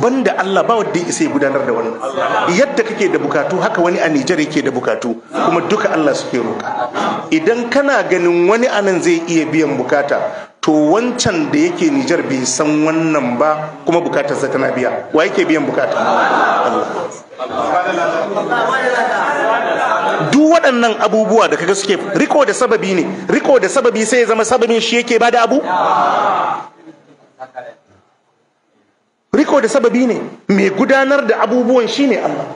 B: banda Allah ba wanda ya gudanar da wannan yadda kake da bukatu haka wani a Nijar yake da bukatu kuma duka Allah suke roƙa. idan kana ganin wani anan zai iya biyan bukata to wancan da yake Nijar bai san wannan ba kuma bukatar sa tana biya wa yake biyan bukata duk waɗannan abubuwa da kaga suke riko da sababi ne riko da sababi sai ya zama sababin shi yake bada abu riko da sababi ne mai gudanar da abubuwan shi ne Allah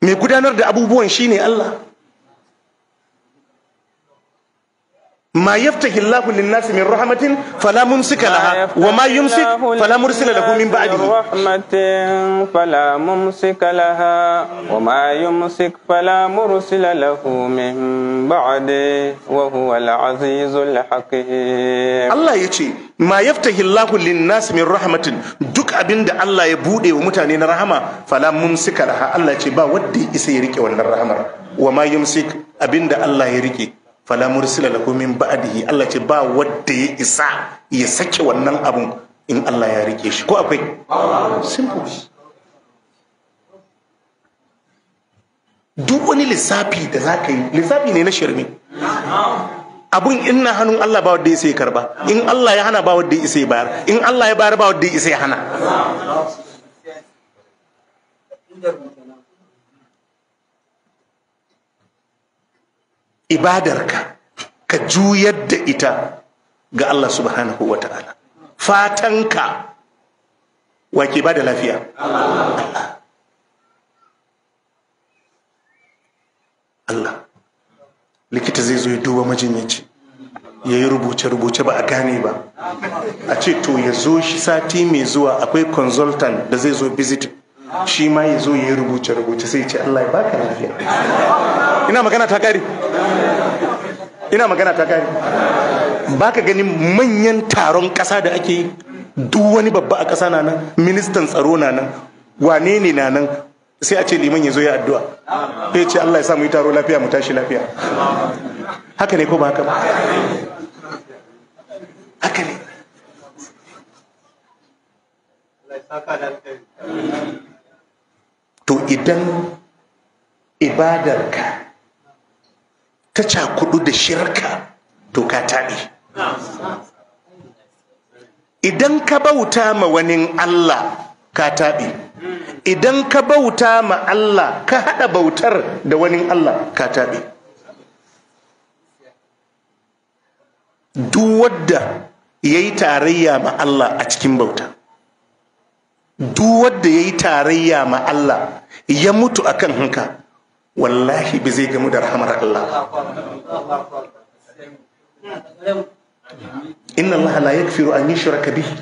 B: mai gudanar da abubuwan shi ne Allah ما يفتح الله للناس من رحمة فلا ممسك لها وما يمسك فلا مرسل له من بعده
C: رحمة فلا ممسك لها وما يمسك فلا مرسل له من بعده وهو العزيز الحكيم الله يجي
B: ما يفتح الله للناس من رحمة duk abin da Allah ya bude wa mutane na rahama fala mumsika laha Allah ce ba wanda ya isa ya rike wannan rahamar wa ma yumsik abin da Allah ya rike fala mursila lahu min ba'dihi Allah ce ba wanda ya isa ya sake wannan abun in Allah ya rike shi ko akwai simple duk wani lissafi da za ka yi lissafi ne na shirme abun in na hannun Allah ba wadda ya sai karba in Allah ya hana ba wadda ya sai bayar in Allah ya bayar ba wadda ya sai hana ibadarka ka juyar da ita ga Allah subhanahu wa ta'ala fatanka wa ke ba da lafiya Allah likita zai zo ya duba majinyaci ya yi rubuce-rubuce ba a gane ba a ce to ya zo shi sati mai zuwa akwai consultant da zai zo visit shi ma ya zo ya yi rubuce-rubuce sai ce Allah ya baka lafiya ina magana ta kare ina magana ta kare baka gani manyan taron ƙasa da ake yi duk wani babba a ƙasa na nan ministan tsaro na nan wane ne na nan sai a ce liman ya zo ya addu'a ya ce Allah ya samu yi taro lafiya mu tashi lafiya haka ne ko ba haka ba haka ne to idan ibadarka ta cakudu da shirka to ka taɓe idan ka bauta ma wani Allah ka taɓe idan ka bauta ma Allah ka haɗa bautar da wani Allah ka taɓe duk wadda ya yi tarayya ma Allah a cikin bauta duk wanda yayi tarayya ma Allah ya mutu akan hanka wallahi ba zai gamu da rahamar Allah inna Allah la yaghfiru an yushraka bihi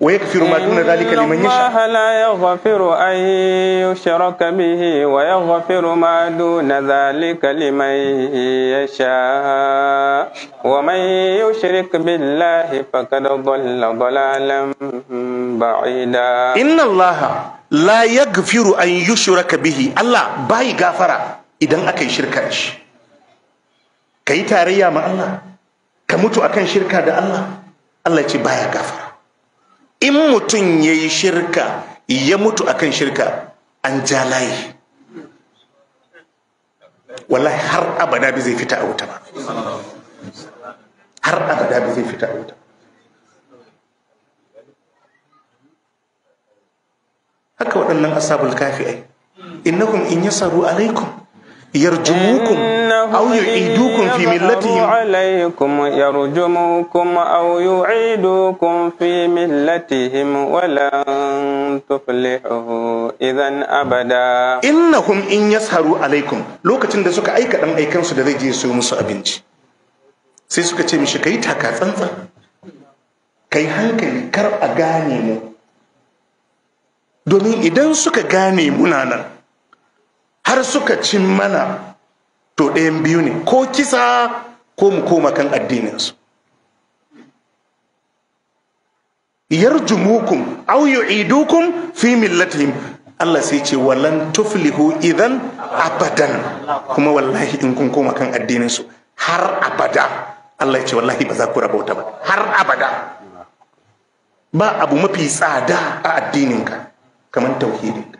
B: ويغفر ما دون ذلك لمن يشاء
C: الله لا يغفر أن يشرك به ويغفر ما دون ذلك لمن يشاء ومن يشرك بالله فقد ضل ضلالا بعيدا إن الله لا
B: يغفر أن يشرك به الله باي غفر إذا أكي شركة كي تاريا مع الله كموت أكن شركة الله الله يتبايا غفر in mutum ya yi shirka ya mutu akan shirka an ja layi wallahi har abada bi zai fita a wuta ba har abada bi zai fita a wuta haka waɗannan asabul kafi ai innakum in yasaru alaikum Yarjumukun,
C: auyo iddukun fi mi latihin. Yarjumukun, auyo fi mi latihin wallan tuf abada.
B: In in yas' haru lokacin da suka aika da zai je so sai suka ce mishi ka hankali kar a gane mu, domin idan suka gane munanan. har suka cin mana to ɗayan biyu ne ko kisa ko mu koma kan addininsu yarjumukum aw yu'idukum fi millatihim Allah sai ce walan tuflihu idan abadan kuma wallahi in kun koma kan addininsu har abada Allah ya ce wallahi ba za ku rabauta ba har abada ba abu mafi tsada a addininka kamar tauhidinka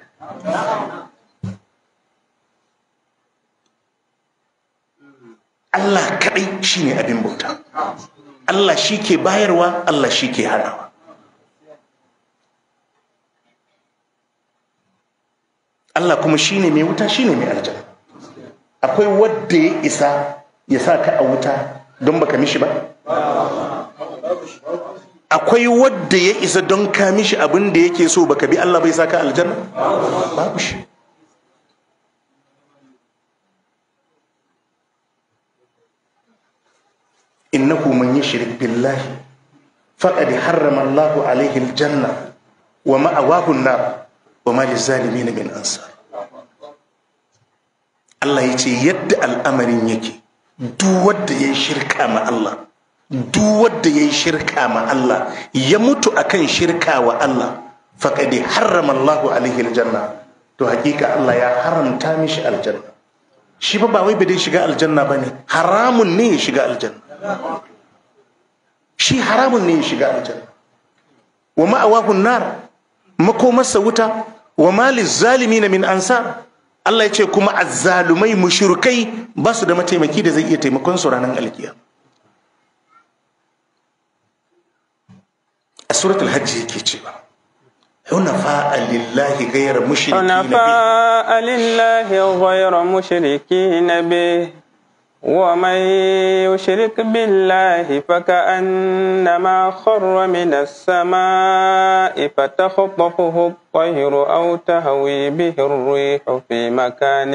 B: Allah kaɗai shi ne abin bauta Allah shi ke bayarwa Allah shi ke hanawa Allah kuma shi ne mai wuta shi ne mai aljanna akwai wadda ya isa ya sa ka a wuta don baka mishi ba akwai wadda ya isa don ka mishi abin da yake so baka bi Allah bai sa ka aljanna babu shi innahu man yushrik billahi faqad harrama Allahu alaihi aljanna wa ma'awahu an-nar wa ma lizalimin min Allah ya ce yadda al'amarin yake duk wanda ya shirka ma Allah duk wanda ya shirka ma Allah ya mutu akan shirka wa Allah faqad harrama Allahu alaihi to hakika Allah ya haramta mishi aljanna shi ba ba wai bai shiga aljanna bane haramun ne ya shiga aljanna shi haramun ne ya shiga aljanna wa ma'awahun nar makomarsa wuta wa malis zalimi na min ansar Allah ya ce kuma azzalumai mushrikai ba su da mataimaki da zai iya taimakon su ranar alkiya
C: a suratul hajji yake cewa
B: حنفاء لله غير
C: مشركين به حنفاء لله غير مشركين به ومن يشرك بالله فكأنما خر من السماء فتخطفه الطير أو تهوي به الريح في مكان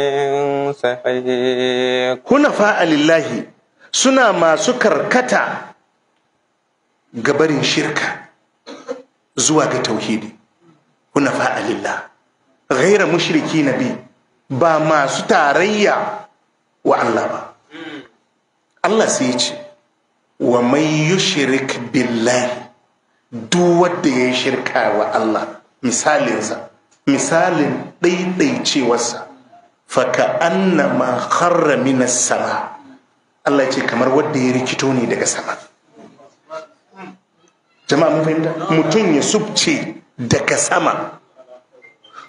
C: سحيق حنفاء لله
B: سنا ما سكر كتا قبر شركة زواج توحيدي حنفاء لله غير مشركين بي با ما ستاريا وعلى Allah sai ya ce wa mai shirik billahi duk wanda ya shirka wa Allah misalinsa misalin ɗaiɗaicewarsa faka annama kharra minas sama Allah ce kamar wanda ya rikito ne daga sama jama'a mun fahimta mutum ya subce daga sama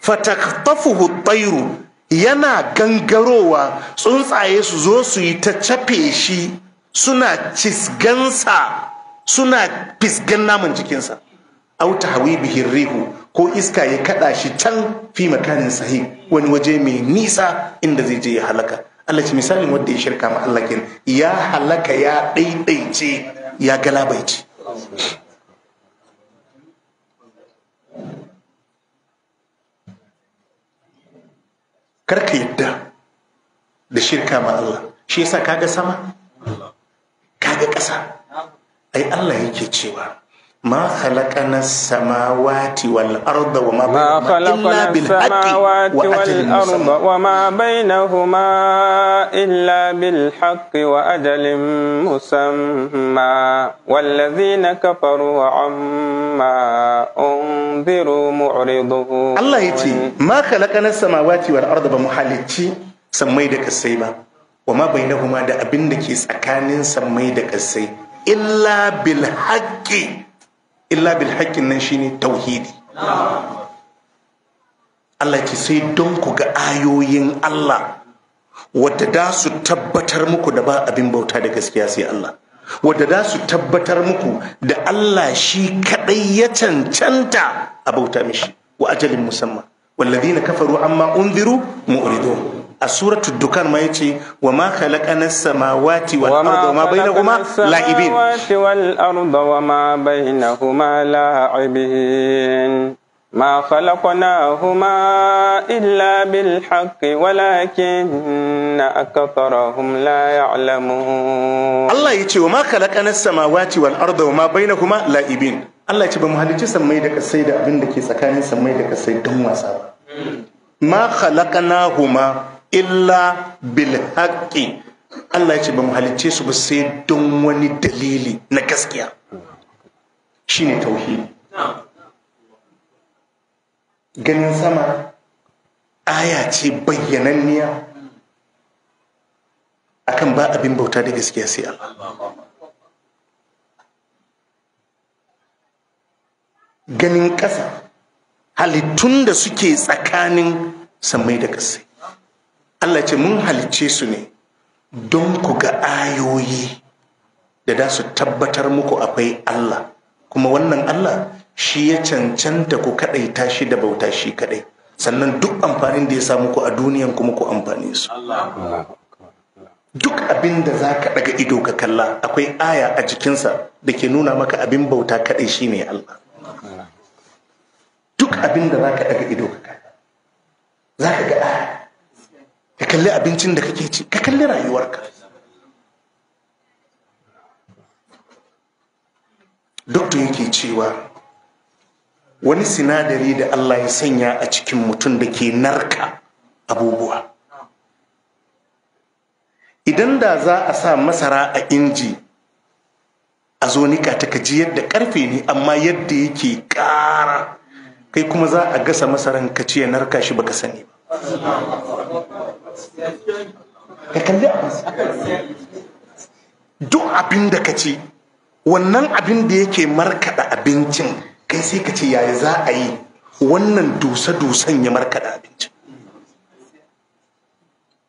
B: fataktafuhu tairu yana gangarowa tsuntsaye su zo su yi ta cafe shi suna cisgansa suna fisgan naman jikinsa auta hawi bihin rihu ko iska ya kada shi can fi makanin sahi wani waje mai nisa inda zai je ya halaka Allah ce misalin wanda ya shirka ma'allakin ya halaka ya ɗaiɗaice ya galabaici. kar ka yadda da shirka ma Allah shi yasa kaga sama kaga ƙasa ai Allah yake cewa
C: ما خلقنا السماوات والأرض وما ما خلقنا السماوات والأرض وما بينهما إلا بالحق وأجل مسمى والذين كفروا عما أنذروا معرضون الله يتي
B: ما خلقنا السماوات والأرض بمحلتي سميدك السيبا وما بينهما دا أبندك سكان سميدك السيب إلا
D: بالحق
B: illa bil haƙƙin nan shine tauhidi Allah ce sai don ku ga ayoyin Allah wadda da su tabbatar muku da ba abin bauta da gaskiya sai Allah wadda da su tabbatar muku da Allah shi kaɗai ya cancanta a bauta mishi wa ajalin musamman wallazina kafaru amma unziru mu'ridun a suratu dukan ma yace wa ma khalaqana samawati wal arda wa ma bainahuma la'ibin wa
C: ma khalaqana samawati wal wa ma bainahuma la'ibin ma huma illa bil haqqi walakinna akatharahum la ya'lamun
B: Allah yace wa ma khalaqana samawati wal arda wa ma bainahuma la'ibin Allah yace ba mu san sammai da kasai da abin da ke tsakanin san sammai da kasai don wasa ba ma huma. illa bil haƙƙi. Allah ya ce ba mu halicce su ba sai don wani dalili na gaskiya shine tauhi. ganin sama aya ce bayyananniya akan ba abin bauta da gaskiya sai Allah ganin ƙasa halittun da suke tsakanin samai da ƙasai Allah ce mun halicce su ne don ku ga ayoyi da za su tabbatar muku akwai Allah kuma wannan Allah shi ya cancanta ku kaɗai tashi da bauta shi kaɗai sannan duk amfanin da ya sa muku a duniyan kuma ku amfani su duk abin da za ka ɗaga ido ka kalla akwai aya a jikinsa da ke nuna maka abin bauta kaɗai shi ne Allah duk abin da za ka ɗaga ido ka kalla za ka ga aya ka kalli abincin da kake ci ka kalli rayuwarka doktor yake cewa wani sinadari da allah ya sanya a cikin mutum da ke narka abubuwa idan da za a sa masara a inji a zo nika ta kaji yadda karfe ne amma yadda yake kara kai kuma za a gasa masaran ka ci ya narka shi baka sani ba ka kalli duk abin da ka ce wannan abin da yake markaɗa abincin kai sai ka ce yaya za a yi wannan dusa-dusan ya markaɗa abincin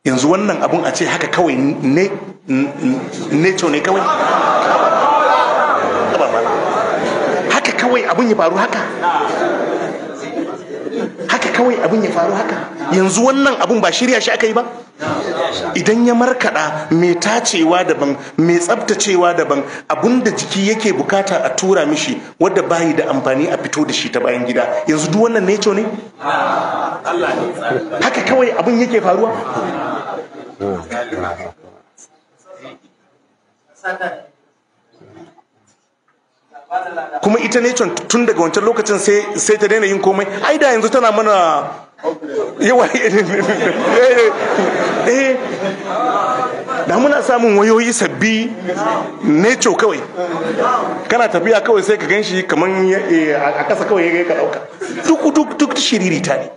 B: yanzu wannan abun a ce haka kawai ne neto ne kawai haka kawai abun ya faru haka haka kawai abin ya faru haka yanzu wannan abin ba shirya shi aka yi ba idan ya markaɗa mai tacewa daban mai tsabtacewa daban abin da jiki yake bukata a tura mishi wadda bayi da amfani a fito da shi ta bayan gida yanzu duk wannan neco ne haka kawai abin yake faruwa kuma ita ne tun daga wancan lokacin sai ta daina yin komai ai da yanzu tana mana yawa [laughs] eh, eh, eh da muna samun wayoyi sabbi neco kawai kana tafiya kawai sai ka gan shi kamar eh, a kasa kawai ya ka ɗauka duk duk duk shiriri ta ne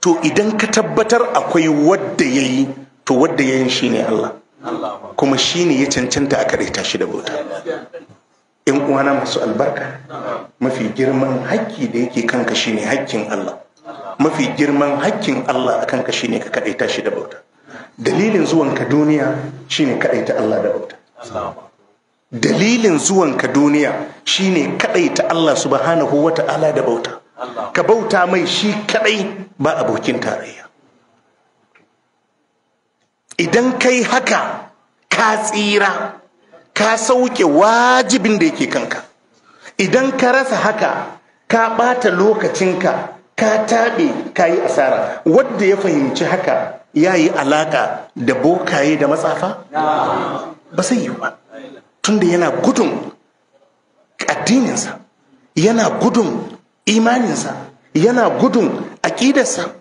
B: to idan ka tabbatar akwai wadda yayi yi to wadda ya shine ne Allah kuma shi ne ya cancanta a kadaita shi da bauta in uwana masu albarka mafi girman hakki da yake kanka shi ne hakkin Allah mafi girman hakkin Allah a kanka shi ne ka kadaita shi da bauta dalilin zuwanka duniya shi shine ta Allah da bauta dalilin zuwanka duniya shi kaɗai kadaita Allah subhanahu wata'ala da bauta ka bauta mai shi kaɗai ba abokin tarayya idan kai haka ka tsira ka sauke wajibin da yake kanka idan ka rasa haka ka ɓata lokacinka ka taɓe ka yi asara wadda ya fahimci haka ya yi alaƙa da bokaye da matsafa ba sai yi ba tunda yana gudun addininsa yana gudun imaninsa yana gudun aƙidarsa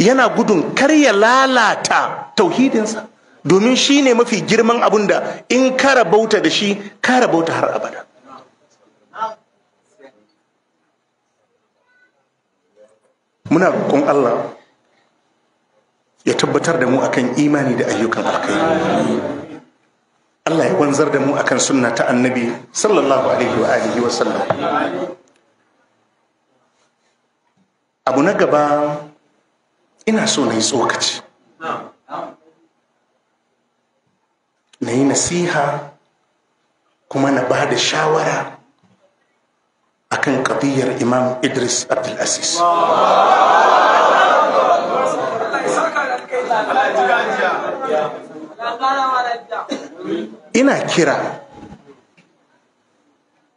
B: yana gudun kar ya lalata tauhidinsa domin shi ne mafi girman abun da in kara bauta da shi kara bauta har abada muna roƙon Allah ya tabbatar da mu akan imani da ayyukan alkai Allah ya wanzar da mu akan sunna ta annabi sallallahu alaihi wa alihi wa sallam abu na gaba ina so na yi tsokaci na yi nasiha kuma na ba da shawara a kan ƙabiyar imam idris abdulaziz ina kira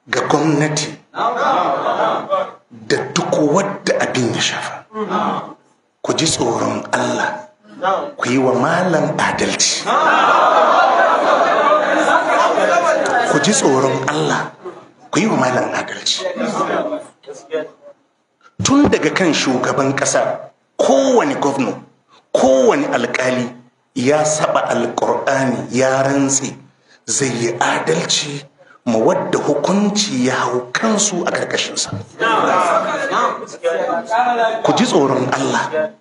B: ga gwamnati da duk wadda abin ya shafa ku ji tsoron Allah ku yi wa malam adalci ku ji tsoron Allah ku yi wa malam adalci tun daga kan shugaban ƙasa kowane gwamna kowane alkali ya saba Alƙur'ani ya rantse zai yi adalci ma wadda hukunci ya hau kansu a ƙarƙashinsa.
D: Ku ji tsoron Allah,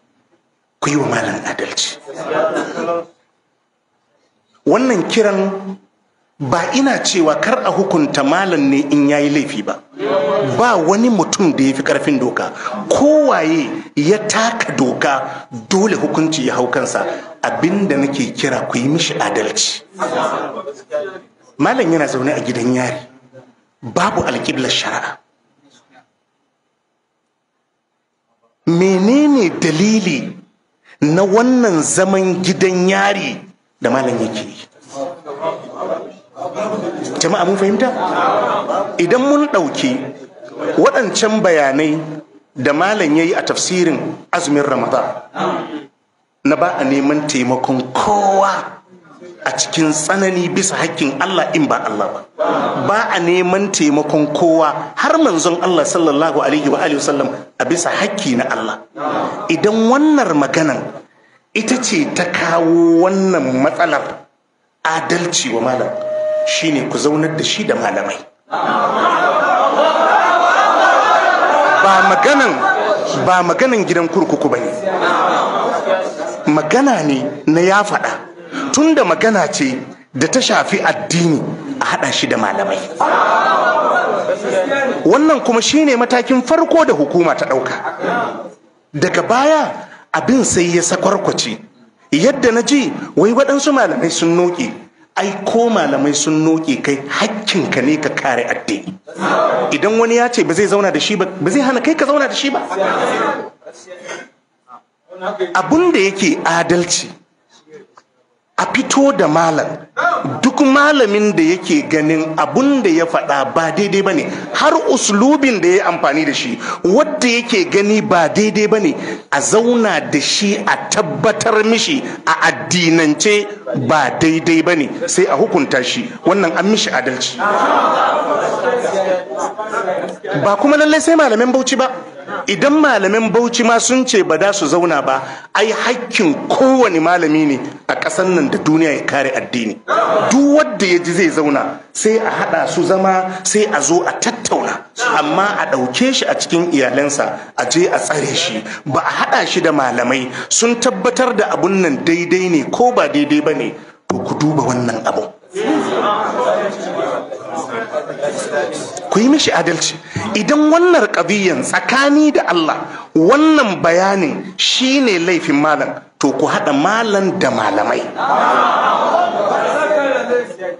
B: ku yi wa malam adalci. Wannan kiran ba ina cewa kar a hukunta malam ne in yayi laifi ba. Ba wani mutum da ya fi ƙarfin doka, kowaye ya taka doka dole hukunci ya hau kansa abinda nake kira ku yi mishi adalci. malam yana zaune a gidan yari babu alƙiblar shari'a menene dalili na wannan zaman gidan yari da malam yake yi jama'a mun fahimta idan mun ɗauki waɗancan bayanai da malam ya yi a tafsirin azumin
D: ramadan
B: na ba a neman taimakon kowa a cikin tsanani bisa hakkin Allah in ba Allah ba ba a neman taimakon kowa har manzon Allah sallallahu alaihi wa alihi wasallam a bisa hakki na Allah idan wannan maganan ita ce ta kawo wannan matsalar adalci wa malam shine ku zaunar da shi da malamai ba maganan ba maganan gidan kurkuku bane magana ne na ya faɗa tunda magana ce da ta shafi addini a haɗa shi da malamai wannan kuma shine matakin farko da hukuma ta ɗauka. daga baya abin sai ya sakwarkwace yadda na ji wai waɗansu malamai sun noke ai ko malamai sun noke kai hakkinka ne ka kare addini idan wani ya ce ba zai zauna da shi ba ba zai hana kai ka zauna da shi ba abin da yake adalci a fito da malam duk malamin da yake ganin abun da ya faɗa ba daidai ba ne har uslubin da ya amfani da shi wadda yake gani ba daidai ba ne a zauna da shi a tabbatar mishi a addinance ba daidai ba ne sai a hukunta shi wannan an mishi adalci ba kuma lallai sai malamin bauchi ba idan malamin bauchi ma sun ce ba da su zauna ba ai hakkin kowane malami ne a ƙasar nan da duniya ya kare addini duk wanda ya ji zai zauna sai a haɗa su zama sai a zo a tattauna amma a ɗauke shi a cikin iyalansa a je a tsare shi ba a haɗa shi da malamai sun tabbatar da abun nan daidai ne ko ba daidai ba ne to ku duba wannan abu ku yi mishi adalci idan wannan ƙabiyan tsakani da Allah wannan bayanin shine laifin malam to ku haɗa malam da malamai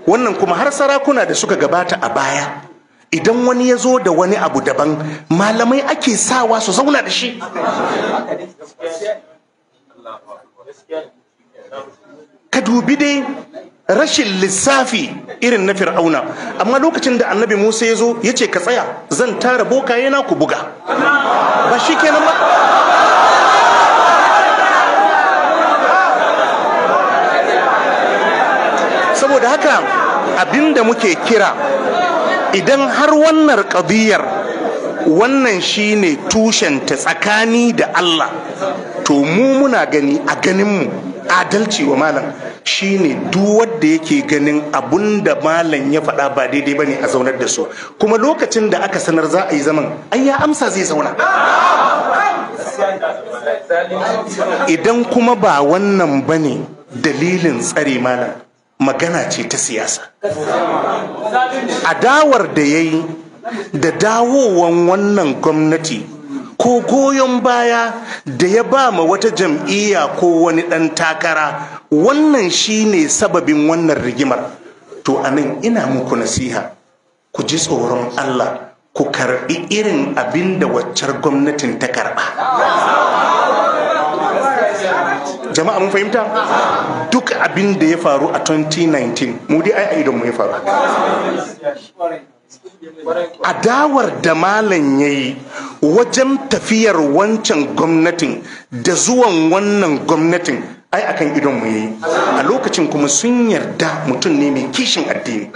B: wannan kuma har sarakuna da suka gabata a baya idan wani ya zo da wani abu daban malamai ake sawa su zauna da shi ka dubi dai rashin lissafi irin na fir'auna amma lokacin da annabi musa ya zo ya ce ka tsaya zan tara bokaye na ku buga ba shi kenan ba saboda haka abinda muke kira idan har wannan ƙabiyar wannan shine tushenta tsakani da allah to mu muna gani a ganinmu adalci wa malam shine duk wanda yake ganin abun da malam ya faɗa ba daidai bane a zaunar da su kuma lokacin da aka sanar za a yi zaman ai ya amsa zai zauna idan kuma ba wannan bane dalilin tsare malam magana ce ta siyasa adawar da ya yi da dawowan wannan gwamnati ko goyon baya da ya ba ma wata jam'iyya ko wani ɗan takara wannan shi ne sababin wannan rigimar to anan ina muku nasiha ku ji tsoron Allah ku karɓi irin abin da waccar gwamnatin ta karɓa jama'a mun fahimta duk abin da ya faru a 2019 mu dai ai a idon mu ya faru adawar da malam ya yi wajen tafiyar wancan gwamnatin da zuwan wannan gwamnatin ai akan idonmu ya yi a lokacin kuma sun yarda mutum ne mai kishin addini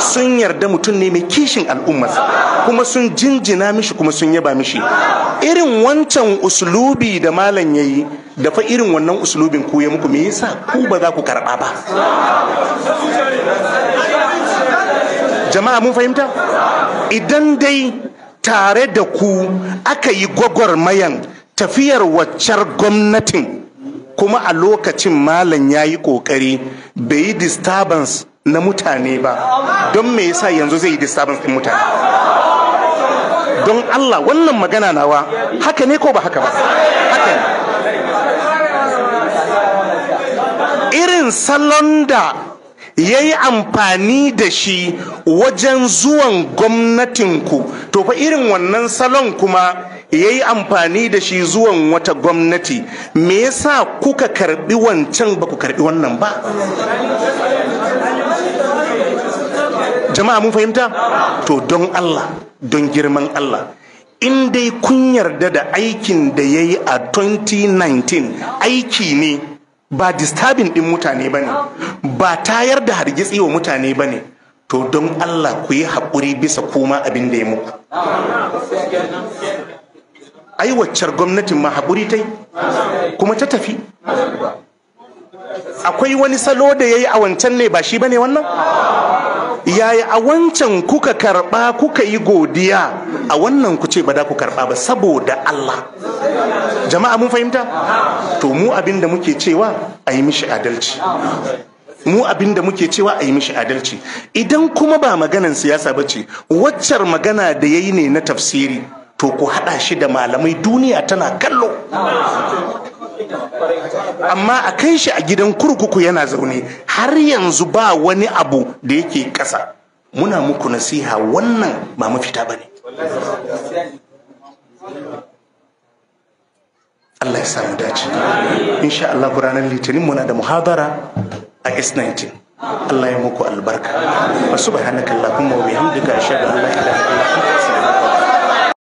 B: sun yarda mutum ne mai kishin al'umma kuma sun jinjina mishi kuma sun yaba mishi irin wancan usulubi da malam yayi yi da fa irin wannan usulubin ku ya muku me yasa ku ba za ku karɓa ba jama'a mun fahimta idan dai tare da ku aka yi gwagwarmayan tafiyar waccar gwamnatin kuma a lokacin malam ya yi ƙoƙari bai yi disturbance na mutane ba don me yasa yanzu zai yi disturbance ɗin mutane don Allah wannan magana nawa haka ne ko ba haka ba haka ne irin salon da ya yi amfani da shi wajen zuwan gwamnatinku to fa irin wannan salon kuma ya yi amfani da shi zuwan wata gwamnati me yasa kuka karbi wancan ba ku karbi wannan ba jama'a mun fahimta to don allah don girman allah in dai kun yarda da aikin da ya yi a 2019 aiki ne ba disturbing din mutane ba ne, oh. ba tayar da hargitsi wa mutane ne, to don Allah ku yi haƙuri bisa kuma abin da ya muku ai waccar gwamnatin ma haƙuri ta yi kuma ta tafi akwai wani salo da ya yi a wancan ne ba shi ba ne wannan yayi a wancan kuka karba kuka yi godiya a wannan ku ce ba da ku karba ba saboda Allah jama'a mun fahimta to mu abinda muke cewa a yi mishi adalci mu abin muke cewa a yi mishi adalci idan kuma ba maganan siyasa ba ce waccar magana da ya yi ne na tafsiri to ku haɗa shi da malamai duniya tana kallo amma a kai shi a gidan kurkuku yana zaune har yanzu ba wani abu da yake ƙasa muna muku nasiha wannan ba mafita ba ne Allah ya samu dace insha Allah ranar litinin muna da muhabara
D: a S19 Allah ya muku albarka wasu subhanakallahumma wa bihamdika ashhadu an allah ya da